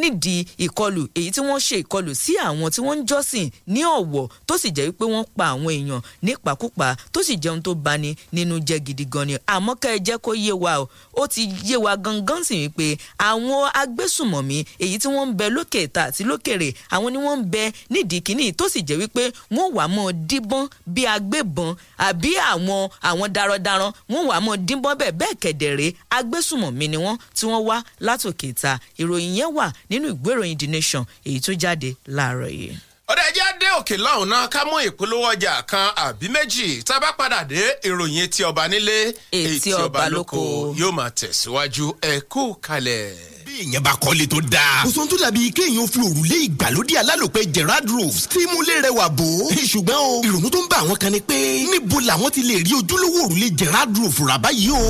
nídìí ìkọlù èyí tí wọ́n ṣe ìkọlù sí àwọn tí wọ́n ń jọ́sìn ní Ọ̀wọ̀ tó sì jẹ́ wípé wọ́n pa àwọn èèyàn nípakúpa tó sì jẹun tó bani nínú jẹ́ gidi gan ni àmọ́ ká ẹ jẹ́ kó yé wa ó ti yé wa gangan sì wípé àwọn agbésùmọ̀mí èyí tí wọ́n wọ́n ń bẹ lókè ìta àti lókèrè àwọn ni wọ́n ń bẹ nídìí kínní tó sì jẹ́ wípé wọ́n wàá mọ díbọ́n bí agbébọn àbí àwọn àwọn darandaran wọ́n wàá mọ díbọ́n bẹ́ẹ̀ bẹ́ẹ̀ kẹ̀dẹ̀rẹ́ agbésùmọ̀mí ni wọ́n tí wọ́n wá látòkè ìta ìròyìn yẹn wà nínú ìgbéròyìn The Nation èyí tó jáde láàárọ̀ yìí ọ̀dà ẹjẹ́ adé òkè lọ́hùn náà ká mú ìpolówó ọjà kan àbí méjì tá a bá padà dé ìròyìn etí ọba nílé etí ọba lóko yóò máa tẹ̀síwájú ẹ kú kalẹ̀ èèyàn bá kọ́lé tó dáa. kòsóhun tó dàbí kéèyàn fi òrùlé ìgbàlódé alálòpẹ́ Gerard Roofs tí múlé rẹwà bò ó. ṣùgbọ́n o ìrònú tó ń bá àwọn kan ni pé níbo làwọn ti lè rí ojúlówó òrùlé Gerard Roofs rà báyìí o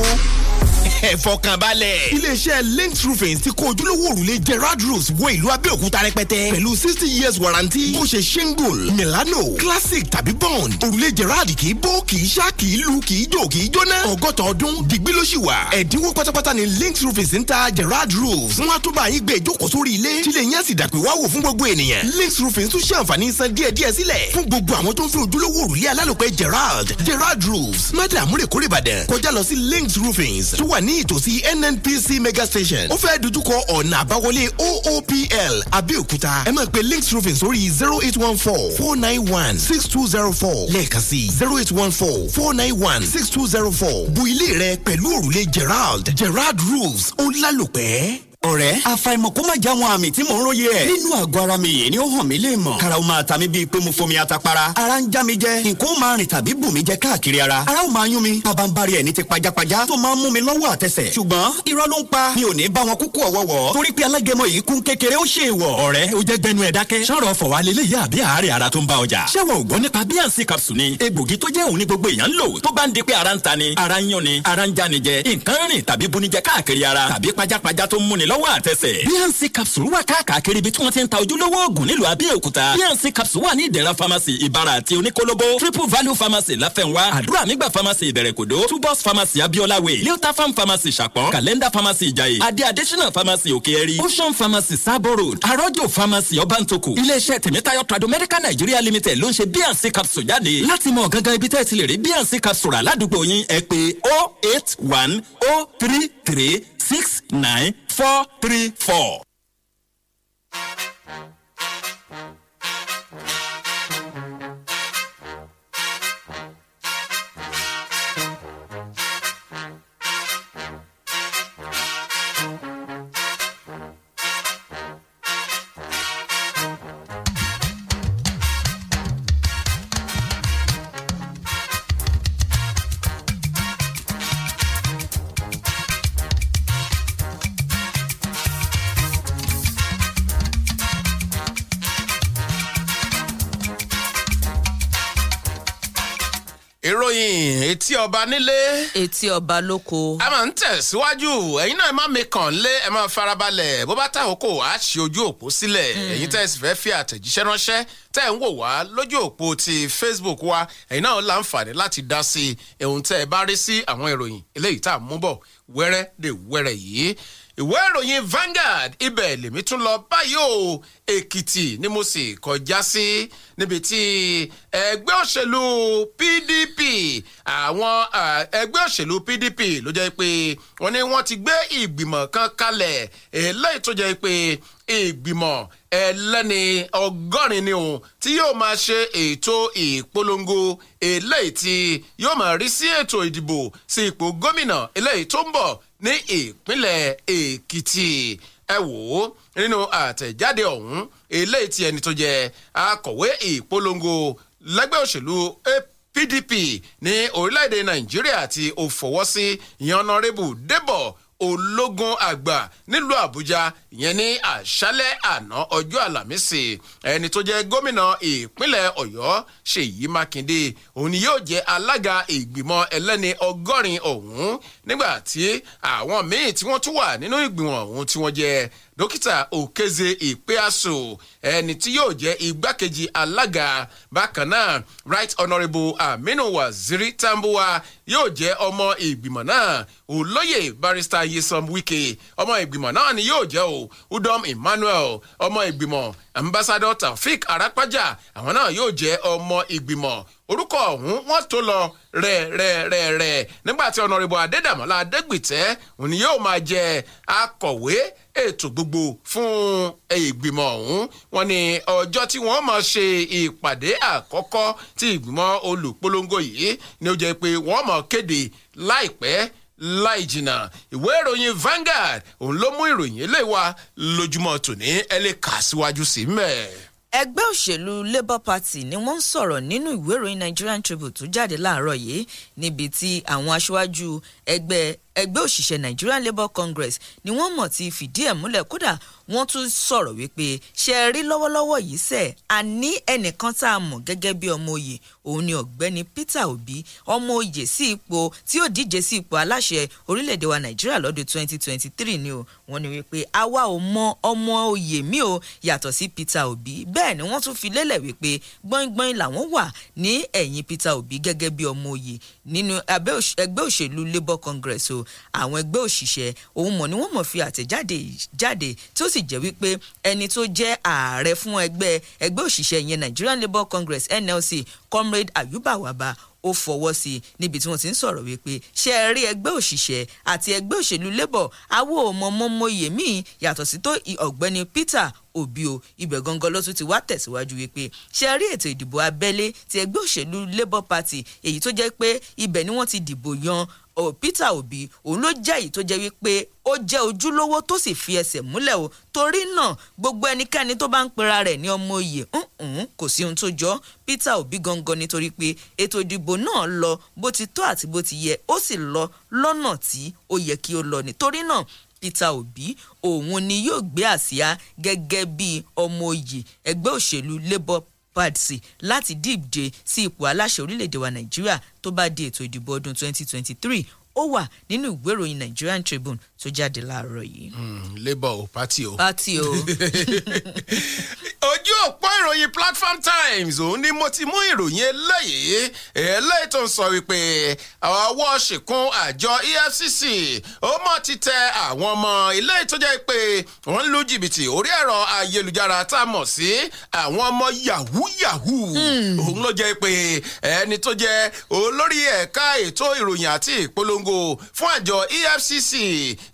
kẹ́ fọkànbalẹ̀. iléeṣẹ́ links roofing ti kó ojúlówó òrùlé gerard roofs wọ ìlú abẹ́òkúta rẹpẹtẹ pẹ̀lú sixty years warranty bó ṣe shingle milano classic tàbí bond òrùlé gerard kì í bó kì í ṣá kì í lu kì í jò kì í jóná ọgọ́ta ọdún dìgbì ló ṣì wà ẹ̀dínwó pátápátá ni links roofing ń ta gerard Rose. wọn á tún bá yín gbé ìjókòó sórí ilé tílé yẹn sì dàpẹ́ wá wò fún gbogbo ènìyàn links roofing tún ṣe àǹfààní san díẹ̀díẹ̀ sílẹ̀ fún gbogbo àwọn tó ń fi ojúlówó òrùlé alálòpẹ́ gerard gerard roofs mẹ́tẹ̀ àmúrèkórè ìbàdàn kọjá lọ sí links roofings tó wà ní ní ìtòsí nnpc mega station ó fẹ́ dojúkọ ọ̀nà àbáwọlé oopl abẹ́òkúta ẹ máa pe links roofing sórí zero eight one four four nine one six two zero four lẹ́ẹ̀kan sí zero eight one four four nine one six two zero four bu ilé rẹ pẹ̀lú òrùlé gerald gerald rules. ó ń lálòpẹ́ ọ̀rẹ́ àfàìmọ̀ kó má já wọn àmì tí mò ń róye ẹ̀ nínú àgọ́ ara mi yìí ni ó hàn mí lè mọ̀ karaw máa ta mi bíi pé mo fomi atapara ara ń já mi jẹ nǹkan máa rìn tàbí bù mí jẹ káàkiri ara ara ó máa yún mi pabambari ẹ̀ ní ti pajápajá tó máa ń mú mi lọ́wọ́ àtẹsẹ̀ ṣùgbọ́n irọ́ ló ń pa mi ò ní bá wọn kúkú ọ̀wọ́wọ́ torí pé alágẹmọ yìí kún kékeré ó ṣe ìwọ̀ ọ̀rẹ́ ó jẹ́ gbẹnu ẹ̀ dákẹ́ sọ̀rọ̀ fọ̀wá lélẹ̀ yá àbí àárẹ̀ ara tó ń bá ọjà ṣẹ́wọ̀ ò gbọ́ nípa bíànsì capsule ni egbògi tó jẹ́ òun ní gbogbo èèyàn ń lò tó bá ń di pé ara ń ta ni ara ń yán ni ara ń já ni jẹ nǹkan rìn tàbí lónìí lọ́wọ́ àtẹsẹ̀. bnc capsule wà káàkiri ibi tí wọ́n ti ń ta ojúlówó oògùn nílùú abẹ́òkúta bnc capsule wà ní ìdẹ̀ra pharmacy ìbàrà àti oníkólóbó triple value pharmacy láfẹnwá àdúrà nígbà pharmacy two tubos pharmacy abiola way leota farm pharmacy ṣàpọ̀n calendar pharmacy ìjàyè adé additional pharmacy òkèèrè ocean pharmacy sabo road arọ́jò pharmacy ọbàntòkù iléeṣẹ́ tèmítáyọ̀ trado medical nigeria limited ló ń ṣe bnc capsule jáde láti mọ gangan ibi tẹ́ ẹ ti lè rí bnc capsule aládùúgbò yín ẹ pé 08103 three six nine four three four. ọba nílé. etí ọba lóko. a máa ń tẹ̀síwájú ẹ̀yin náà ẹ má mi kàn lé ẹ máa farabalẹ̀ bó bá tàkókò á ṣe ojú òpó sílẹ̀ hmm. ẹ̀yin tẹ́ ẹ sì fẹ́ fi àtẹ̀jíṣẹ́ ránṣẹ́ tẹ́ ẹ̀ ń wò wá lójú òpó ti facebook wa ẹ̀yin náà láǹfààní láti dá sí ohun tẹ́ ẹ bá rí sí àwọn ìròyìn eléyìí tá à mú bọ̀ wẹ́rẹ́ dè wẹ́rẹ́ yìí ìwé ìròyìn Vanguard ibẹ̀ lèmi tún lọ báyìí o Èkìtì ni mo sì kọjá sí níbi tí ẹgbẹ́ òṣèlú PDP àwọn ẹgbẹ́ òṣèlú PDP ló jẹ́ pé wọ́n ní wọ́n ti gbé ìgbìmọ̀ kan kalẹ̀ eléyìí tó jẹ́ pé ìgbìmọ̀ ẹlẹ́ni ọgọ́rin ni òun tí yóò máa ṣe ètò ìpolongo eléyìí tí yóò máa rí sí ètò ìdìbò sí ipò gómìnà eléyìí tó ń bọ̀ ní ìpínlẹ̀ èkìtì ẹ wò ó nínú àtẹ̀jáde ọ̀hún eléyìí ti ẹni tó jẹ akọ̀wé ìpolongo lẹ́gbẹ́ òṣèlú PDP ní orílẹ̀-èdè nàìjíríà tí ó fọwọ́ sí ìyànnàrẹ́bù débọ̀ ológun àgbà nílùú àbújá ìyẹn ní àṣálẹ́ àná ọjọ́ àlàmísì ẹni tó jẹ́ gómìnà ìpínlẹ̀ ọ̀yọ́ ṣèyí mákindé òun ni yóò jẹ́ alága ìgbìmọ̀ ẹlẹ́ni ọgọ́rin ọ̀hún nígbà tí àwọn míì tí wọ́n tún wà nínú ìgbìmọ̀ ọ̀hún tí wọ́n jẹ́ dókítà òkèze ìpéàsò ẹni tí yóò jẹ igbákejì alága bákan náà right honourable aminu waziri tambuwa yóò jẹ ọmọ ìgbìmọ̀ náà olóyè barrister yisam wike ọmọ ìgbìmọ̀ náà ni yóò jẹ o udom emmanuel ọmọ ìgbìmọ̀ ambassador taofik arapaja àwọn náà yóò jẹ ọmọ ìgbìmọ̀ orúkọ ọ̀hún wọ́n tó lọ rẹ̀rẹ̀rẹ̀rẹ̀ nígbà tí ọ̀nàrẹ́bù adédàmọ́lá adégbìtẹ́ òun ni yóò máa jẹ akọ̀wé ètò gbogbo fún ìgbìmọ̀ ọ̀hún wọn ni ọjọ́ tí wọ́n máa ṣe ìpàdé àkọ́kọ́ tí ìgbìmọ̀ olùpolongo yìí ni ó jẹ́ pé wọ́n máa kéde láìpẹ́ láì jìnnà ìwé ìròyìn Vanguard òun ló mú ìròyìn eléyìí wá lójúmọ́ tòní ẹ lè kà síwájú sí mẹ́ẹ̀ ẹgbẹ́ òṣèlú labour party ni wọ́n ń sọ̀rọ̀ nínú ìwé ìròyìn nigerian tribune tó jáde láàárọ̀ yìí níbi tí àwọn aṣáájú ẹgbẹ́ ẹgbẹ́ òṣìṣẹ́ Nigerian Labour Congress ni wọ́n mọ̀ ti fìdí ẹ̀ múlẹ̀ kódà wọ́n tún sọ̀rọ̀ wípé ṣe é rí lọ́wọ́lọ́wọ́ yìí sẹ̀ a ní ẹnìkan tá a mọ̀ gẹ́gẹ́ bí ọmọ oyè òun ni ọ̀gbẹ́ni Peter Obi ọmọ oyè sí ipò tí ó díje sí ipò aláṣẹ orílẹ̀-èdè wa Nàìjíríà lọ́dún 2023 ni o wọ́n ní wípé àwa ò mọ ọmọ oyè mi o yàtọ̀ sí Peter Obi bẹ́ẹ̀ ni wọ́n tún fi lélẹ̀ wípé gbọ́ngbọ́n làwọn wà ní ẹ̀yìn Peter Obi gẹ́gẹ́ bí ọmọ oyè nínú ẹgbẹ́ òṣèlú Labour Congress o àwọn ẹgbẹ́ òṣìṣẹ́ òun mọ̀ ni wọ́n mọ̀ fi àtẹ̀jáde jáde tí ó sì jẹ́ wípé ẹni tó jẹ́ ààrẹ fún ẹgbẹ́ ẹgbẹ́ òṣìṣẹ́ ìyẹn Nigerian Labour Congress NLC Comrade Ayuba Waba ó fọwọ́ sí i níbi tí wọ́n ti ń sọ̀rọ̀ wípé ṣé ẹ rí ẹgbẹ́ òṣìṣẹ́ àti ẹgbẹ́ òṣèlú labour awo ọmọọmọye míì yàtọ̀ sí tó ọ̀gbẹ́ni Peter Obi o ibẹ̀ gangan ló tún ti wá tẹ̀síwájú wípé ṣé rí ètò ìdìbò abẹ́lé ti ẹgbẹ́ òṣèlú labour party èyí tó jẹ́ pé ibẹ̀ ni wọ́n ti dìbò yan Peter Obi òun ló jẹ́ èyí tó jẹ́ wípé ó jẹ́ ojúlówó tó sì fi ẹsẹ̀ múlẹ̀ o torí náà gbogbo ẹnikẹ́ni tó bá ń pera rẹ̀ ní ọmọ oyè kò sí ohun tó jọ Peter Obi gangan nítorí pé ètò ìdìbò náà lọ bó ti tọ́ àti bó ti yẹ ó sì lọ lọ́nà tí ó yẹ kí ó lọ nítorí náà Peter Obi òun ni yóò gbé àsíá gẹ́gẹ́ bí ọmọ oyè ẹgbẹ́ òṣèlú Labour Patsy láti díje sí ipò aláṣẹ orílẹ̀-èdè wa Nàìjíríà tó bá di ètò ìdìbò ọdún 2023 ó wà nínú ìwé ìròyìn Nigerian Tribune tó jáde láàárọ̀ yìí. Hmm, labour o party o. party o. ojú òpó ìròyìn platform times òun ni mo ti mú ìròyìn eléyìí eléyìí tó ń sọ wípé àwọn awọ ṣìkún àjọ efcc ó mọ ti tẹ àwọn ọmọ eléyìí tó jẹ́ pé wọ́n ń lu jìbìtì orí ẹ̀rọ ayélujára tá a mọ̀ sí àwọn ọmọ yahoo yahoo hmm. òun ló jẹ́ pé ẹni tó jẹ́ olórí ẹ̀ka ètò ìròyìn àti ìpolongo fún àjọ efcc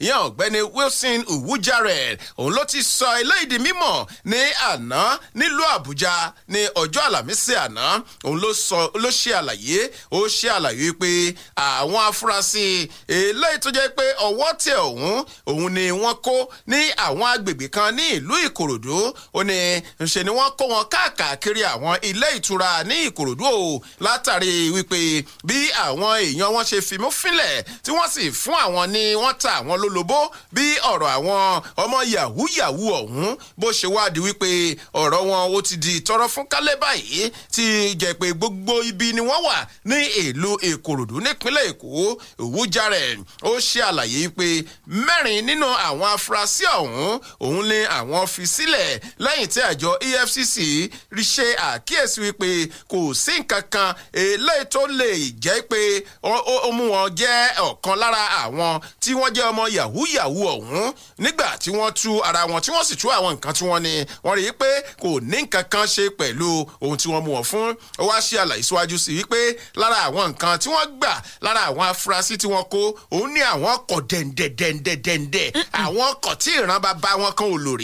ìyẹn ọ̀gbẹ́ni Wilson Uwujare òun ló ti sọ eléyìí di mímọ̀ ní àná nílùú Àbújá ní ọjọ́ àlàmísì àná òun ló ṣe àlàyé ó ṣe àlàyé pé àwọn afurasí eléyìí tó jẹ́ pé ọwọ́ tẹ̀ ọ̀hún òun ni wọ́n kó ní àwọn agbègbè kan ní ìlú Ìkòròdú ó ní ṣe ni wọ́n kó wọn káàkiri àwọn ilé ìtura ní Ìkòròdú o látàrí wípé bí àwọn èèyàn wọn ṣe fimú fínlẹ̀ tí wọ́n sì fún àwọn ní wọ́n ta àwọn lólùfẹ́ lólobó bí ọ̀rọ̀ àwọn ọmọ yahoo yahoo ọ̀hún bó ṣe wá di wípé ọ̀rọ̀ wọn ó ti di tọrọ fún kálẹ̀ báyìí ti jẹ́ pé gbogbo ibi ni wọ́n wà ní ìlú ìkòròdú nípínlẹ̀ èkó òwújarẹ̀ ó ṣe àlàyé pé mẹ́rin nínú àwọn afurasí ọ̀hún òun ni àwọn fi sílẹ̀ lẹ́yìn tí àjọ efcc rí ṣe àkíyèsí wípé kò sí nǹkan kan eléyìí tó lè jẹ́ pé ó mú wọn jẹ́ ọ̀kan lára àwọn tí wọ́n jẹ́ ọmọ yahoo yahoo yahoo ọ̀hún nígbà tí wọ́n tú ara wọn tí wọ́n sì tú àwọn nǹkan tí wọ́n ní wọ́n rí i pé kò ní nǹkan kan ṣe pẹ̀lú ohun tí wọ́n mú wọn fún ó wá ṣe àlàyé síwájú sí i lára àwọn nǹkan tí wọ́n gbà lára àwọn afurasí tí wọ́n kó òun ní àwọn ọkọ̀ dẹ̀ǹdẹ̀dẹ̀ǹdẹ̀dẹ̀ àwọn ọkọ̀ tí ìran bàbá wọn kan ò lò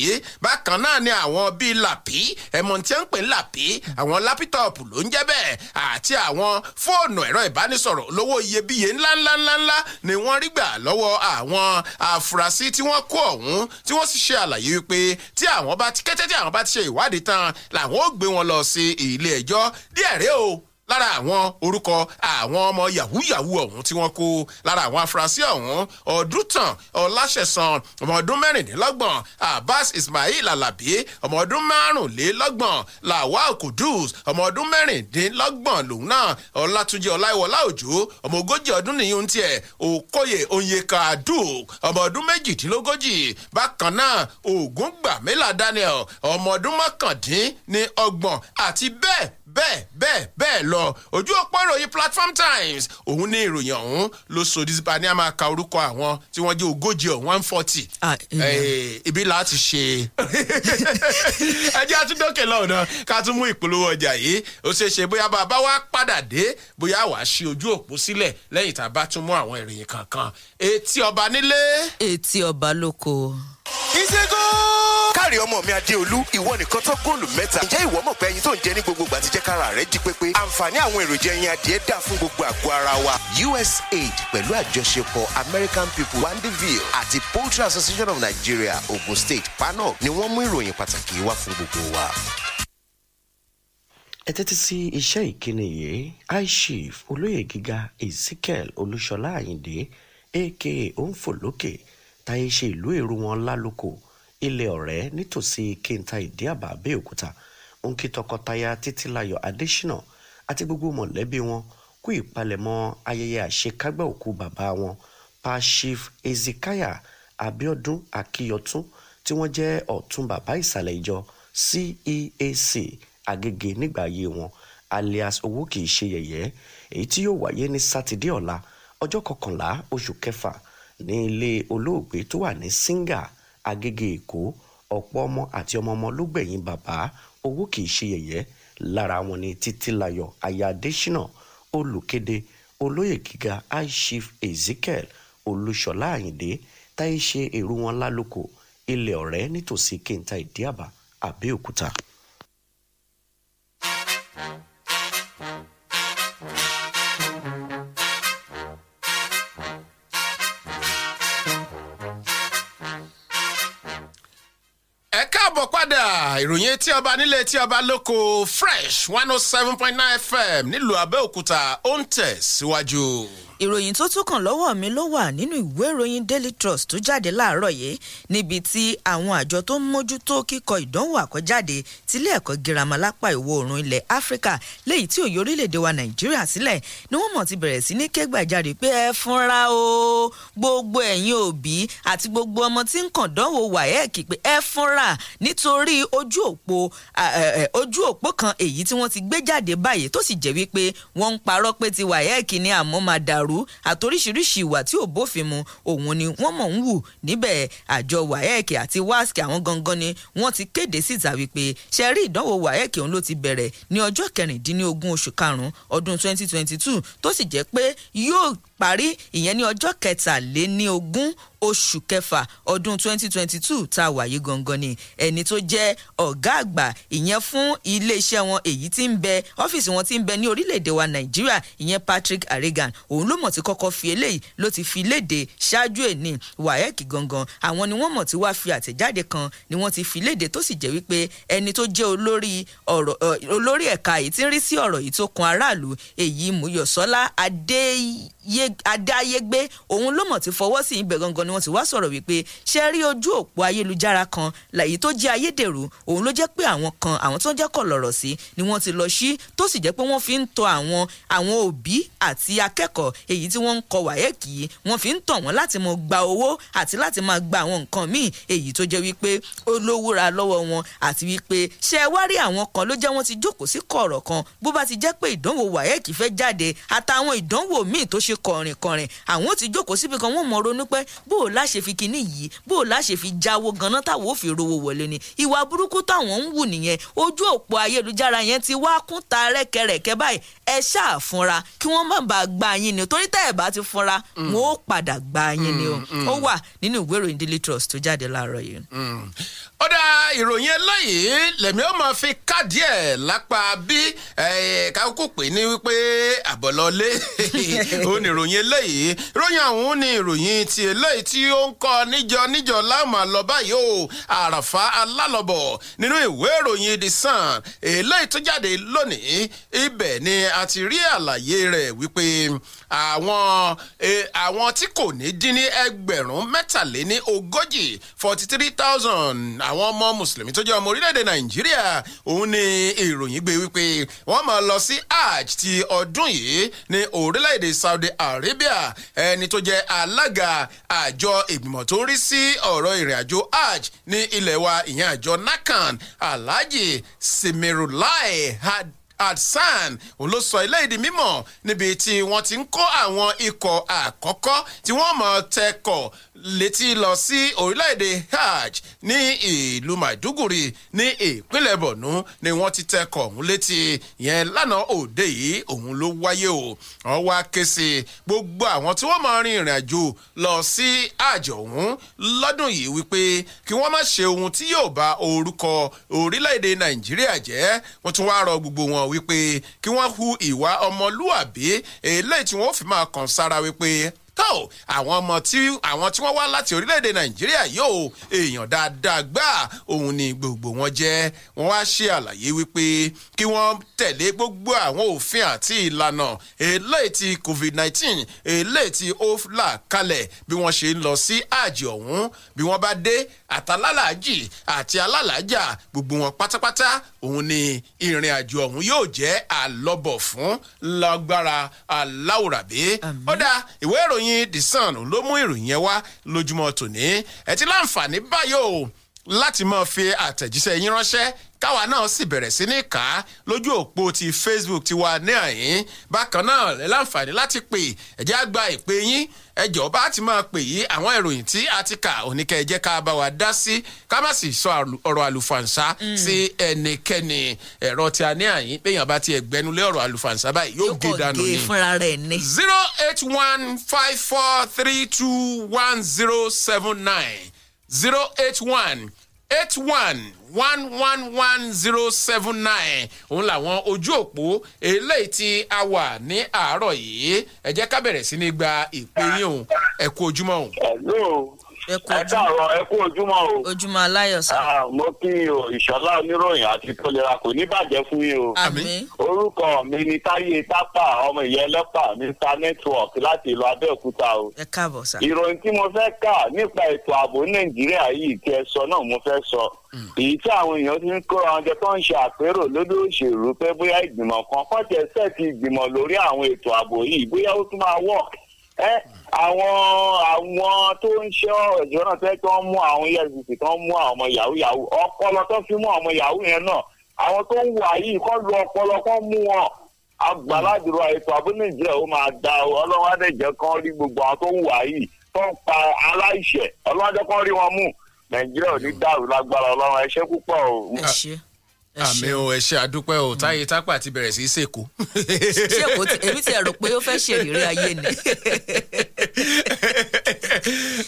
bákan náà ni àwọn bíi làpí ẹ̀mọ̀ tí ń pè ní làpí àwọn lápítọ̀pù ló ń jẹ́ bẹ́ẹ̀ àti àwọn fóònù ẹ̀rọ ìbánisọ̀rọ̀ olówó iyebíye ńláńláńláńlá ni wọ́n rí gbà lọ́wọ́ àwọn àwọn àfúrásì tí wọ́n kó ọ̀hún tí wọ́n sì ṣe àlàyé wípé tí àwọn bá ti kété tí àwọn bá ti ṣe ìwádìí tán làwọn ó gbé wọn lọ sí ilé ẹjọ́ díẹ̀ rèé o lára àwọn orúkọ àwọn ọmọ yahoo yahoo ọ̀hún tí wọ́n kó lára àwọn afurasí ọ̀hún ọdúntàn ọláṣẹ̀sán ọmọ ọdún mẹ́rìnlélọ́gbọ̀n abbas ismail alabi ọmọ ọdún márùnlélọ́gbọ̀n lawal kudus ọmọ ọdún mẹ́rìndínlọ́gbọ̀n lòun náà ọlátúnjẹ ọláìwọlá òjò ọmọ ogójì ọdún nìyún tiẹ̀ òkòyè onyeka duk ọmọ ọdún méjìdínlógójì bákan náà ògúngbàmílà daniel ọmọ ọdún mọ́kàndín ní ọgbọ̀n àti bẹ́ẹ̀ bẹ́ẹ̀ bẹ́ẹ̀ bẹ́ẹ̀ lọ ojú òpó ìròyìn Platform Times òun ní ìròyìn ọ̀hún ló so dípa ní a máa ka orúkọ àwọn tí wọ́n jẹ́ ogójì ọ̀hún one forty ah, eh, eh, ibi láti ṣe ẹjẹ́ àtúndókè lọ́nà ká tún mú ìpolówó ọjà yìí ó ṣeé ṣe bóyá bá a bá wá padà dé bóyá wàá ṣe ojú òpó sílẹ̀ lẹ́yìn tá a bá tún mú àwọn ìròyìn kankan etí ọba nílé etí ọba lóko. ìṣègùn káre ọmọ mi adéolú ìwọ nìkan tó góòlù mẹ́ta ǹjẹ́ ìwọ mọ̀ pé ẹyin tó ń jẹ ní gbogbo ìgbà ti jẹ́ kára rẹ̀ jí pépé àǹfààní àwọn èròjà ẹyin adìẹ dà fún gbogbo àgọ́ ara wa USAID pẹ̀lú àjọṣepọ̀ American People Wandeville àti Poultry Association of Nigeria Ogun State panel ni wọ́n mú ìròyìn pàtàkì wá fún gbogbo wa. ẹ tẹ́tí sí iṣẹ́ ìkíni yìí iChief olóyè gíga Ezekiel Olúṣọlá Àyìndé aka òǹfò lókè táyé ṣe ìlú èrò wọn lálùkò ilé ọ̀rẹ́ nítòsí kínta ìdíàbà abẹ́òkúta ń kí tọkọtaya títílayọ̀ adésínà àti gbogbo mọ̀lẹ́bí wọn kú ìpalẹ̀mọ́ ayẹyẹ àṣekágbá òkú bàbá wọn pashif ezikaya abiodun akiyotun tí wọ́n jẹ́ ọ̀tún bàbá ìsàlẹ̀ ìjọ ceac agege nígbà ayé wọn alias owó kìí ṣe yẹ̀yẹ́ èyí tí yóò wáyé ní sátidé ọ̀la ọjọ́ kọkànlá oṣù kẹfà ní ilé olóògbé tó wà ní singa agége èkó ọ̀pọ̀ ọmọ àti ọmọ ọmọ ló gbẹ̀yìn bàbá owó kì í ṣe yẹ̀yẹ́ lára wọn ni títílayọ̀ aya olùkéde olóyè gíga aishif ezekiel olúṣọlá àyìndé táyé ṣe èrú wọn lálùkò ilẹ̀ ọ̀rẹ́ nítòsí kẹńtà ìdíàbà àbẹ́òkúta. ìròyìn etí ọba nílé etí ọba lóko fresh one oh seven point nine fm nílùú abẹ́òkúta ó ń tẹ̀ síwájú ìròyìn tó tún kàn lọ́wọ́ mi ló wà nínú ìwé ìròyìn Daily Trust tó jáde láàárọ̀ yìí níbi tí àwọn àjọ tó ń mójútó kíkọ ìdánwò àkọ́jáde tílé ẹ̀kọ́ girama lápá ìwọ̀ oòrùn ilẹ̀ Áfíríkà léyìí tí òye orílẹ̀-èdè wa Nàìjíríà sílẹ̀ ni wọ́n mọ̀ ti bẹ̀rẹ̀ sí ní kégbàjarè pé ẹ fúnra o gbogbo ẹ̀yin òbí àti gbogbo ọmọ tí ń kàn dánwò WAEC pé ẹ fúnra nítorí ojú òpó ojú òpó kan èyí tí wọ́n ti gbé jáde báyìí tó sì jẹ́ wípé wọ́n ń parọ́ pé ti WAEC ní àmọ́ máa dàrú dàrú àtoríṣiríṣi ìwà tí ò bófin mu òun ni wọ́n mọ̀ ń wù níbẹ̀ àjọ waec àti wasc àwọn gangan ni wọ́n ti kéde síta wípé ṣẹ́rí ìdánwò waec òun ló ti bẹ̀rẹ̀ ní ọjọ́ kẹrìndínlógún oṣù karùn-ún ọdún 2022 tó sì jẹ́ pé yóò parí ìyẹn ní ọjọ́ kẹtàléní ogún oṣù kẹfà ọdún 2022 tá a wáyé gangan ni ẹni tó jẹ́ ọ̀gá àgbà ìyẹn fún iléeṣẹ́ wọn èyí tí ń bẹ ọ́fíìsì wọn tí ń bẹ ní orílẹ̀-èdè wa nàìjíríà ìyẹn Patrick Aregan òun ló mọ̀ tí kọ́kọ́ fi eléyìí ló ti fi léde ṣáájú ẹ̀ ní WAEC gangan àwọn ni wọ́n mọ̀ tí wàá fi àtẹ̀jáde kan ni wọ́n ti fi léde tó sì jẹ́ wípé ẹni tó jẹ́ olórí ẹ̀ka èyí tí rí sí ọ̀rọ̀ yìí tó kan aráàlú èyí Múyọ̀sọ́lá adáyégbé òun ló mọ̀ ti fọwọ́ sí ibẹ̀ gangan ni wọ́n ti wá sọ̀rọ̀ wípé ṣe rí ojú òpó ayélujára kan làyí tó jẹ́ ayédèrú òun ló jẹ́ pé àwọn kan àwọn tó ń jẹ́ kọ̀ lọ̀rọ̀ sí ni wọ́n ti lọ sí tó sì jẹ́ pé wọ́n fi ń tọ àwọn àwọn òbí àti akẹ́kọ̀ọ́ èyí tí wọ́n ń kọ wáyẹ́kì wọ́n fi ń tọ̀ wọ́n láti mọ gba owó àti láti máa gba àwọn nǹkan míì èyí tó jẹ́ wípé ó lówó ra lọ́wọ́ wọn àti wípé ṣe wá rí àwọn kan ló jẹ́ wọ́n ti jókòó sí kọ̀ọ̀rọ̀ kan bó bá ti jẹ́ pé ìdánwò wáyẹ́kì fẹ́ jáde àtàwọn ìdánwò míì tó ṣe kọ̀rìnkọ̀rìn àwọn ti jókòó síbi kan wọ́n mọ̀ ronú pé bó o láṣẹ fi kinní yìí bó o láṣẹ fi jáwó ganan táwọn ò fi rówó wọlé ni ìwà burúkú táwọn ń wù nìyẹn ojú òpó ayélujára yẹn ti wá kún ta rẹ́kẹrẹ́kẹ́ báyìí ẹ ṣáà fúnra kí wọ́n má bàa gba yín ni torí tẹ́ ẹ̀ bá ti fúnra mm. wọn ó padà gba yín ni o mm, mm, ó wà nínú ìwé ìròyìn Daily Trust tó jáde láàárọ̀ yìí ọ̀dà ìròyìn eléyìí lèmi ó máa fi káàdì ẹ̀ lápá bí kákó pè ní wípé àbọ̀lọ́lé ó ní ìròyìn eléyìí ìròyìn àwọn ní ìròyìn ti eléyìí tí ó ń kọ níjọ níjọ láàmú àlọ́ báyìí o àràfà alálọ́bọ̀ nínú ìwé ìròyìn the sun eléyìí tó jáde lónìí ibẹ̀ ni a ti rí àlàyé rẹ̀ wípé àwọn e, àwọn tí kò ní dín ní ẹgbẹ̀rún mẹ́tàléní ogójì forty three thousand àwọn ọmọ mùsùlùmí tó jẹ́ ọmọ orílẹ̀-èdè nàìjíríà òun ni ìròyìn gbé wípé wọ́n máa lọ sí hajj ti ọdún yìí ní orílẹ̀-èdè saudi arabia ẹni tó jẹ́ alága àjọ ìgbìmọ̀ tó ń rí sí ọ̀rọ̀ ìrìnàjò hajj ní ilẹ̀ wa ìyẹn àjọ nakan alhaji simirulai had Adsan òun ló sọ ilé ìdí mímọ̀ níbi tí wọ́n ti ń kó àwọn ikọ̀ àkọ́kọ́ tí wọ́n mọ̀ tẹkọ̀ létí lọ sí orílẹ̀-èdè hajj ní ìlú maiduguri ní ìpínlẹ̀ borno ni wọ́n ti tẹkọ̀ ọ̀hún létí yẹn lánàá òde yìí òun ló wáyé o wọ́n wá ké sí gbogbo àwọn tí wọ́n máa rin ìrìn àjò lọ sí hajj ọ̀hún lọ́dún yìí wípé kí wọ́n má ṣe ohun tí yóò ba orúkọ orílẹ̀-èdè nàìjíríà jẹ́ wọ́n tún wáá rọ gbogbo wọn wípé kí wọ́n hu ìwà ọmọlúwàbí eléyìí tí wọ́n fi máa kàn sára wípé tó àwọn ọmọ tí àwọn tí wọ́n wá láti orílẹ̀-èdè nàìjíríà yóò èèyàn dáadáa gbà òun ni gbogbo wọn jẹ́ wọ́n wá ṣe àlàyé wípé kí wọ́n tẹ̀lé gbogbo àwọn òfin àti ìlànà eléyìí ti covid nineteen. eléyìí ti ó là kalẹ̀ bí wọ́n ṣe ń lọ sí àjì ọ̀hún bí wọ́n bá dé àtàlálàájì àti alálàájà gbogbo wọn pátápátá òun ni ìrìn àjò ọ̀hún yóò jẹ́ àlọ́bọ̀ fún lágbára aláwòrán bí ó dá ìwé ìròyìn ìròyìn the sun ló mú ìròyìn yẹn wá lójúmọ́ tòní ẹ ti láǹfààní báyò láti máa fi àtẹ̀jíṣẹ́ yín ránṣẹ́ káwa náà sì bẹ̀rẹ̀ sí ní kà á lójú òpó ti facebook tiwa ní àyín bákan náà láǹfààní láti pè ẹ̀jẹ̀ á gba ìpè yín ẹ jọ̀ọ́ bá ti máa pè yí àwọn ìròyìn tí a ti kà oníkẹ́ ẹ jẹ́ ká bá wa dá sí ká má sì sọ ọ̀rọ̀ àlùfànṣá mm. sí ẹnikẹ́ni ẹ̀rọ tí a ní àyín péyàn bá ti ẹgbẹ́nulé ọ̀rọ̀ àlùfànṣá báyìí yóò gé dànù ni. zero eight one five four three two one zero seven nine zero eight one eight one one one one zero seven nine òun làwọn ojú òpó eléyìí tí a wà ní àárọ̀ yìí ẹ jẹ́ ká bẹ̀rẹ̀ sí ní gba ìpè yín òun ẹ ojúmọ́ òun ẹ káàárọ̀ ẹ kú ojúmọ́ o. ojúmọ́ aláyọ̀ sá. Ah, mo kí yín o ìṣọlá oníròyìn àti tólera kò ní bàjẹ́ fún yín o. àmín. orúkọ mi ni táyé tápà ọmọ ìyá ẹlẹ́pà mr network láti ìlú abẹ́òkúta o. ẹ káàbọ̀ sá. ìròyìn tí mo fẹ́ kà nípa ètò ààbò nàìjíríà yìí tí ẹ sọ náà mo fẹ́ sọ. Hmm. èyí tí àwọn èèyàn ti ń kó àwọn tó ń ṣe àpérò lórí òṣèlú pé bóyá ìgbìmọ̀ kan kọ́tẹ̀ẹ́sẹ̀ àwọn àwọn tó ń ṣe ẹ̀jọ́ náà tẹ́ tó ń mú àwọn efcc tó ń mú àwọn ọmọ yahoo yahoo ọpọlọ tó fi mú àwọn ọmọ yahoo yẹn náà àwọn tó ń wà yìí kọ́ lu ọpọlọ kọ́ mú wọn agbáládùúrà ètò àbúnìjẹ́ ó máa da ọlọ́wọ́ adẹ́jẹ́ kan rí gbogbo àwọn tó ń wà yìí tó ń pa aláìṣẹ̀ ọlọ́wọ́ kan rí wọn mú nàìjíríà ò ní dàrú lágbára ọlọ́run ẹ ṣé púpọ̀ o àmì o ẹ ṣe àdúpẹ́ o táyé tápà ti bẹ̀rẹ̀ sí í ṣèkó. ṣèkó èmi ti rò pé ó fẹ́ ṣe ìrírí ayé ni.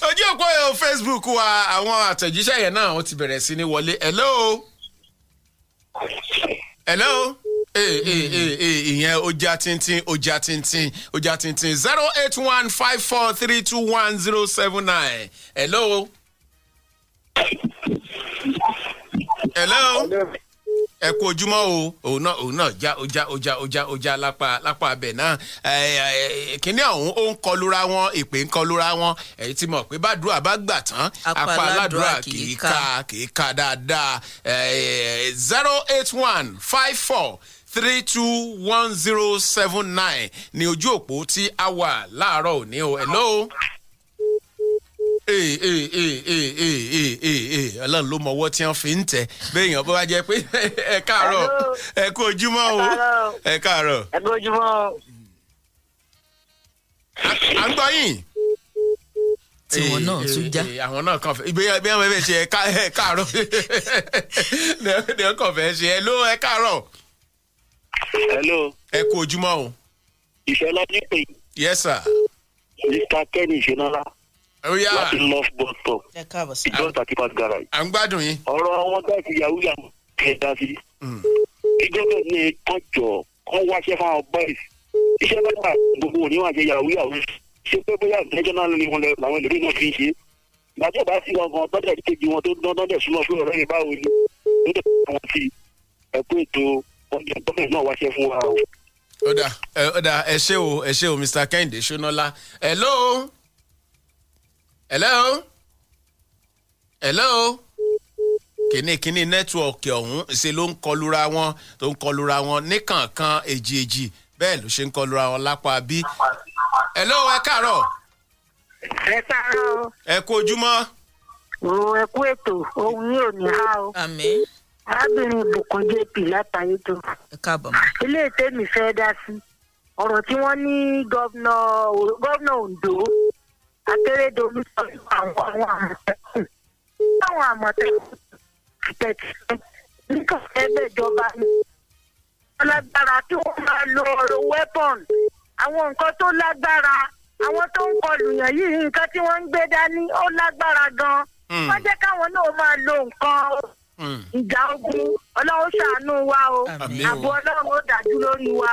ojú òpó facebook wa àwọn àtẹ̀jíṣẹ́ yẹn náà wọ́n ti bẹ̀rẹ̀ sí ní wọlé hello hello eh, eh, eh, ìyẹn ọjà tíntín ọjà tíntín ọjà tíntín zero eight one five four three two one zero seven nine hello. hello. hello? ẹ kú ojúmọ́ o òun náà òun náà já ojá ojá ojá ojá lápá lápá abẹ náà kíní ọ̀hún ó ń kọlura wọn ìpè ń kọlura wọn èyí ti mọ̀ pé bàdúrà bá gbà tán apá aládùúrà kìí ka kìí ka dáadáa zero eight one five four three two one zero seven nine ní ojú òpó tí a wà láàárọ̀ òní o hello ọlọ́run ló mọ ọwọ́ tí wọ́n fi ń tẹ̀ bẹ́ẹ̀ yàn bó bá jẹ́ pé ẹ káàárọ̀ ẹ kú ojúmọ́ o ẹ káàárọ̀ ẹ kú ojúmọ́ o. à ń gbọ́ yín. tiwọn náà tún já. àwọn náà kàn fẹ́ ìgbéyàwó bí wọ́n fẹ́ ṣe ẹ káàárọ̀ ni wọ́n kàn fẹ́ ṣe ẹ ló ẹ káàárọ̀. ẹ kú ojúmọ́ o. ìṣọlá ní pè. yes sir. mr kenny ìṣọlá láti north bus stop ìjọba takipas garage. à ń gbádùn yín. ọ̀rọ̀ àwọn táàkì yahoo yahoo kẹ̀ dá sí. Mm. ìjọba ní kọjọ kọ́ wáṣẹ́ fáwọn boys iṣẹ́ lọ́gbà gbogbo òní wàá ṣe yahoo yahoo ṣé pé bóyá national ni wọn làwọn ẹlòmíín náà fi ń ṣe gbàtí ọba sí ọgbọn tọ́jà kejì wọn tó dán tọ́jà súnmọ́ fún ọ̀rẹ́ ìbáwo ni ó dẹ̀ wọ́n ti ẹ̀kú ètò ọjà gọ́ọ̀mẹ̀ntì náà wáṣẹ́ fún wa o. ó dà ó dà ẹ ṣé o ẹ ṣé o mr kẹ́hìndé ṣónọ́lá hello hello hello kìnnìkìnnì nẹ́tíwọ̀kì ọ̀hún ṣe ló ń kọlura wọn tó ń kọlura wọn níkànkan èjì èjì bẹ́ẹ̀ ló ṣe ń kọlura wọn lápá bí. hello ẹ káàárọ̀. ẹ káàárọ̀. ẹ kú ojúmọ́. òun ẹ kú ètò ohun yóò ní há o. àmín. arábìnrin ìbùkún jp látàyè tó. ẹ káàbọ̀ mọ́. ilé ìtẹ́mi fẹ́ dá sí ọ̀rọ̀ tí wọ́n ní gọ́vnà Ondo akérèdọ́lù sọ nípa àwọn àmọ̀tẹ́kùn àwọn àmọ̀tẹ́kùn àtẹ̀tẹ̀ níkàfẹ́ bẹ̀jọba ni lágbára tí wọ́n máa lo ọ̀rọ̀ weapon àwọn nǹkan tó lágbára àwọn tó ń kọlù yìí nǹkan tí wọ́n ń gbé dání ó lágbára gan hmm. wọ́n jẹ́ káwọn náà máa lo nǹkan hmm. ìjà ogun ọlọ́run ṣàánú wa o àbò ọlọ́run ó dájú lórí wa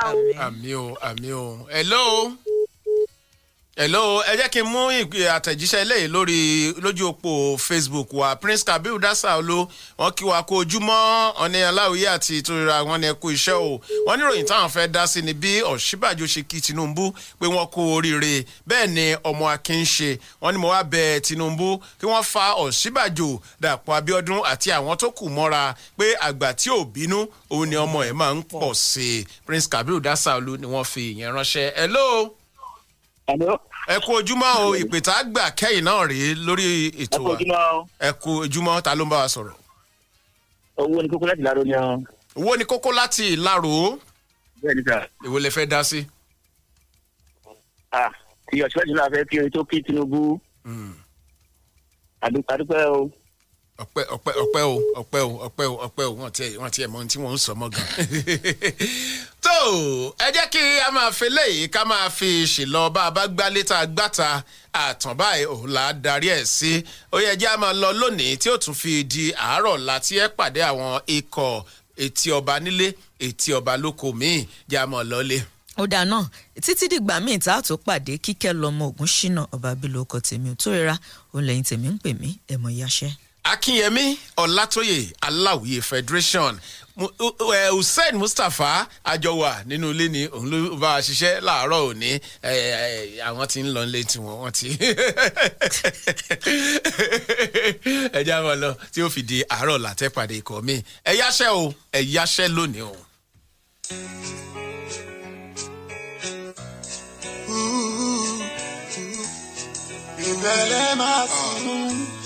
hello ẹ jẹ́ kí n mú àtẹ̀jíṣẹ́ eléyìí lórí lójú òpó facebook wa prince kabiru dasa olo wọn kí wa kó ojúmọ́ ọ̀nẹ́ aláwìyé àti ìtura wọn ni ẹ kú iṣẹ́ o wọn ní ìròyìn táwọn fẹ́ dá sí ni bí ọ̀ṣíbàjò ṣe kí tinubu pé wọ́n kú oríire bẹ́ẹ̀ ni ọmọ akin ṣe wọn ni mo wá bẹ tinubu kí wọ́n fa ọ̀ṣíbàjò dàpọ̀ abiodun àti àwọn tó kù mọ́ra pé àgbà tí ò bínú òun ni ọmọ ẹ̀ máa ń pọ̀ sí prince kabiru dasa olo ni wọ́n fi ìyẹn ránṣẹ́ hello ẹ kú ojúmọ́ o ìpètà gbà kẹ́yìn náà rèé lórí ètò wa ẹ kú ojúmọ́ ta ló ń bá wa sọ̀rọ̀. owó ni kókó láti ìlàró ni ọ. owó ni kókó láti ìlàró. bẹ́ẹ̀ni sà. èwo lẹ fẹ́ dá sí. ti ọ̀sẹ̀ ìjọba fẹ́ kí orin tó kí tinubu. àdúpẹ́ hmm. o ọpẹ́ ọpẹ́ ọpẹ́ o ọpẹ́ o ọpẹ́ o ọpẹ́ o wọn tiẹ̀ wọn tiẹ̀ mọ ohun tí wọn ń sọ mọ gan. tó ẹ jẹ́ kí a máa fi léyìí ká máa fi ṣìlọ bá a bá gbá létà gbàtà àtàn báyìí òun là á darí ẹ̀ sí ó yẹ jẹ́ a máa lọ lónìí tí ó tún fi di àárọ̀ láti ẹ pàdé àwọn ikọ̀ etí ọba nílé etí ọba lóko míì jẹ́ a máa lọ lé ó dáa náà títí dìgbà míì tá a tó pàdé kíkẹ́ lọ́mọ ògún ṣínà ọba akínyẹmí ọlátóyè aláwìyé federation hussein mustapha àjọwà nínú ilé ni òun ló bá a ṣiṣẹ́ láàárọ̀ òní àwọn tí ń lọ nílé tiwọn wọn ti ẹjẹ àwọn lọ tí ó fi di àárọ̀ látẹ́pàdé ikọ̀ mi ẹ yáṣẹ́ o ẹ yáṣẹ́ lónìí o. ìbẹ̀rẹ̀ máa sùn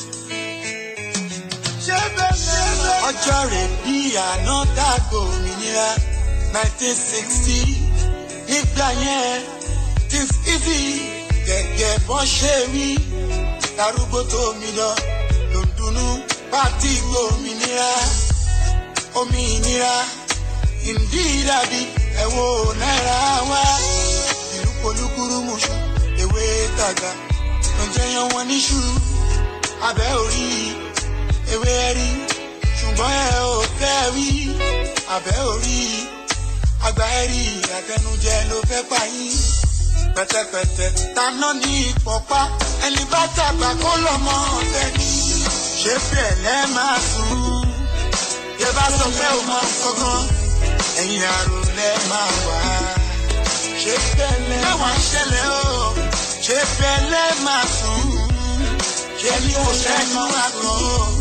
ọjọ́ rẹ̀ bí àná dàgbò òmìnira nineteen sixty nígbà yẹn things easy gẹ́gẹ́ bọ́n ṣe wí darúgbó tó mi lọ lòdùnú pàtí òmìnira òmìnira ìdí dàbí ẹ̀wọ̀ náírà wá ìlú polúkúrú mọ̀ṣọ́ ewé tàgà ló jẹyàn wọn níṣu abẹ́ orí yìí ewé rí ṣùgbọ́n ẹ ò fẹ́ rí àbẹ́ orí àgbà ẹ rí àtẹnujẹ ló fẹ́ pa yín pẹ̀tẹ̀pẹ̀tẹ̀ taná ní ìpọ́pá ẹni bá tàgbà kó lọ́mọ ọ̀tẹ̀ ni ṣé bẹ́ẹ̀ lẹ́ máa sùn yẹ bá sọ pé o mọ kankan ẹ̀yìn àrò lẹ́ máa wà ṣé bẹ́ẹ̀ lẹ́ máa ṣẹlẹ̀ o ṣé bẹ́ẹ̀ lẹ́ máa sùn ṣé ní kò sẹ́nu àgọ́.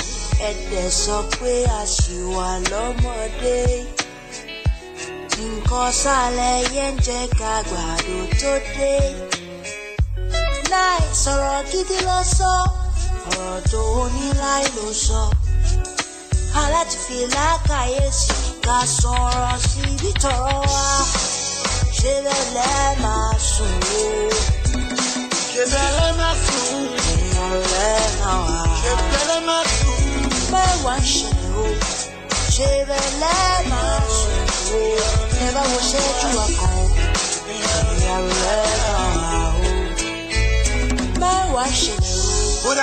ẹ̀dẹ̀ sọ pé a ṣì wà lọ́mọdé nǹkan sálẹ̀ yẹn ń jẹ́ ká gbàdo tó dé láì sọ̀rọ̀ gidi lọ sọ ọ̀rọ̀ tó ní láì ló sọ aláti fi lákàyèsí ká sọ̀rọ̀ síbi tọ̀rọ̀ wa ṣé bẹ́ẹ̀ máa sùn o ṣé bẹ́ẹ̀ máa sùn ìyàn lẹ́ẹ̀ máa sùn. never washing. you Never was it to a home. Never was it.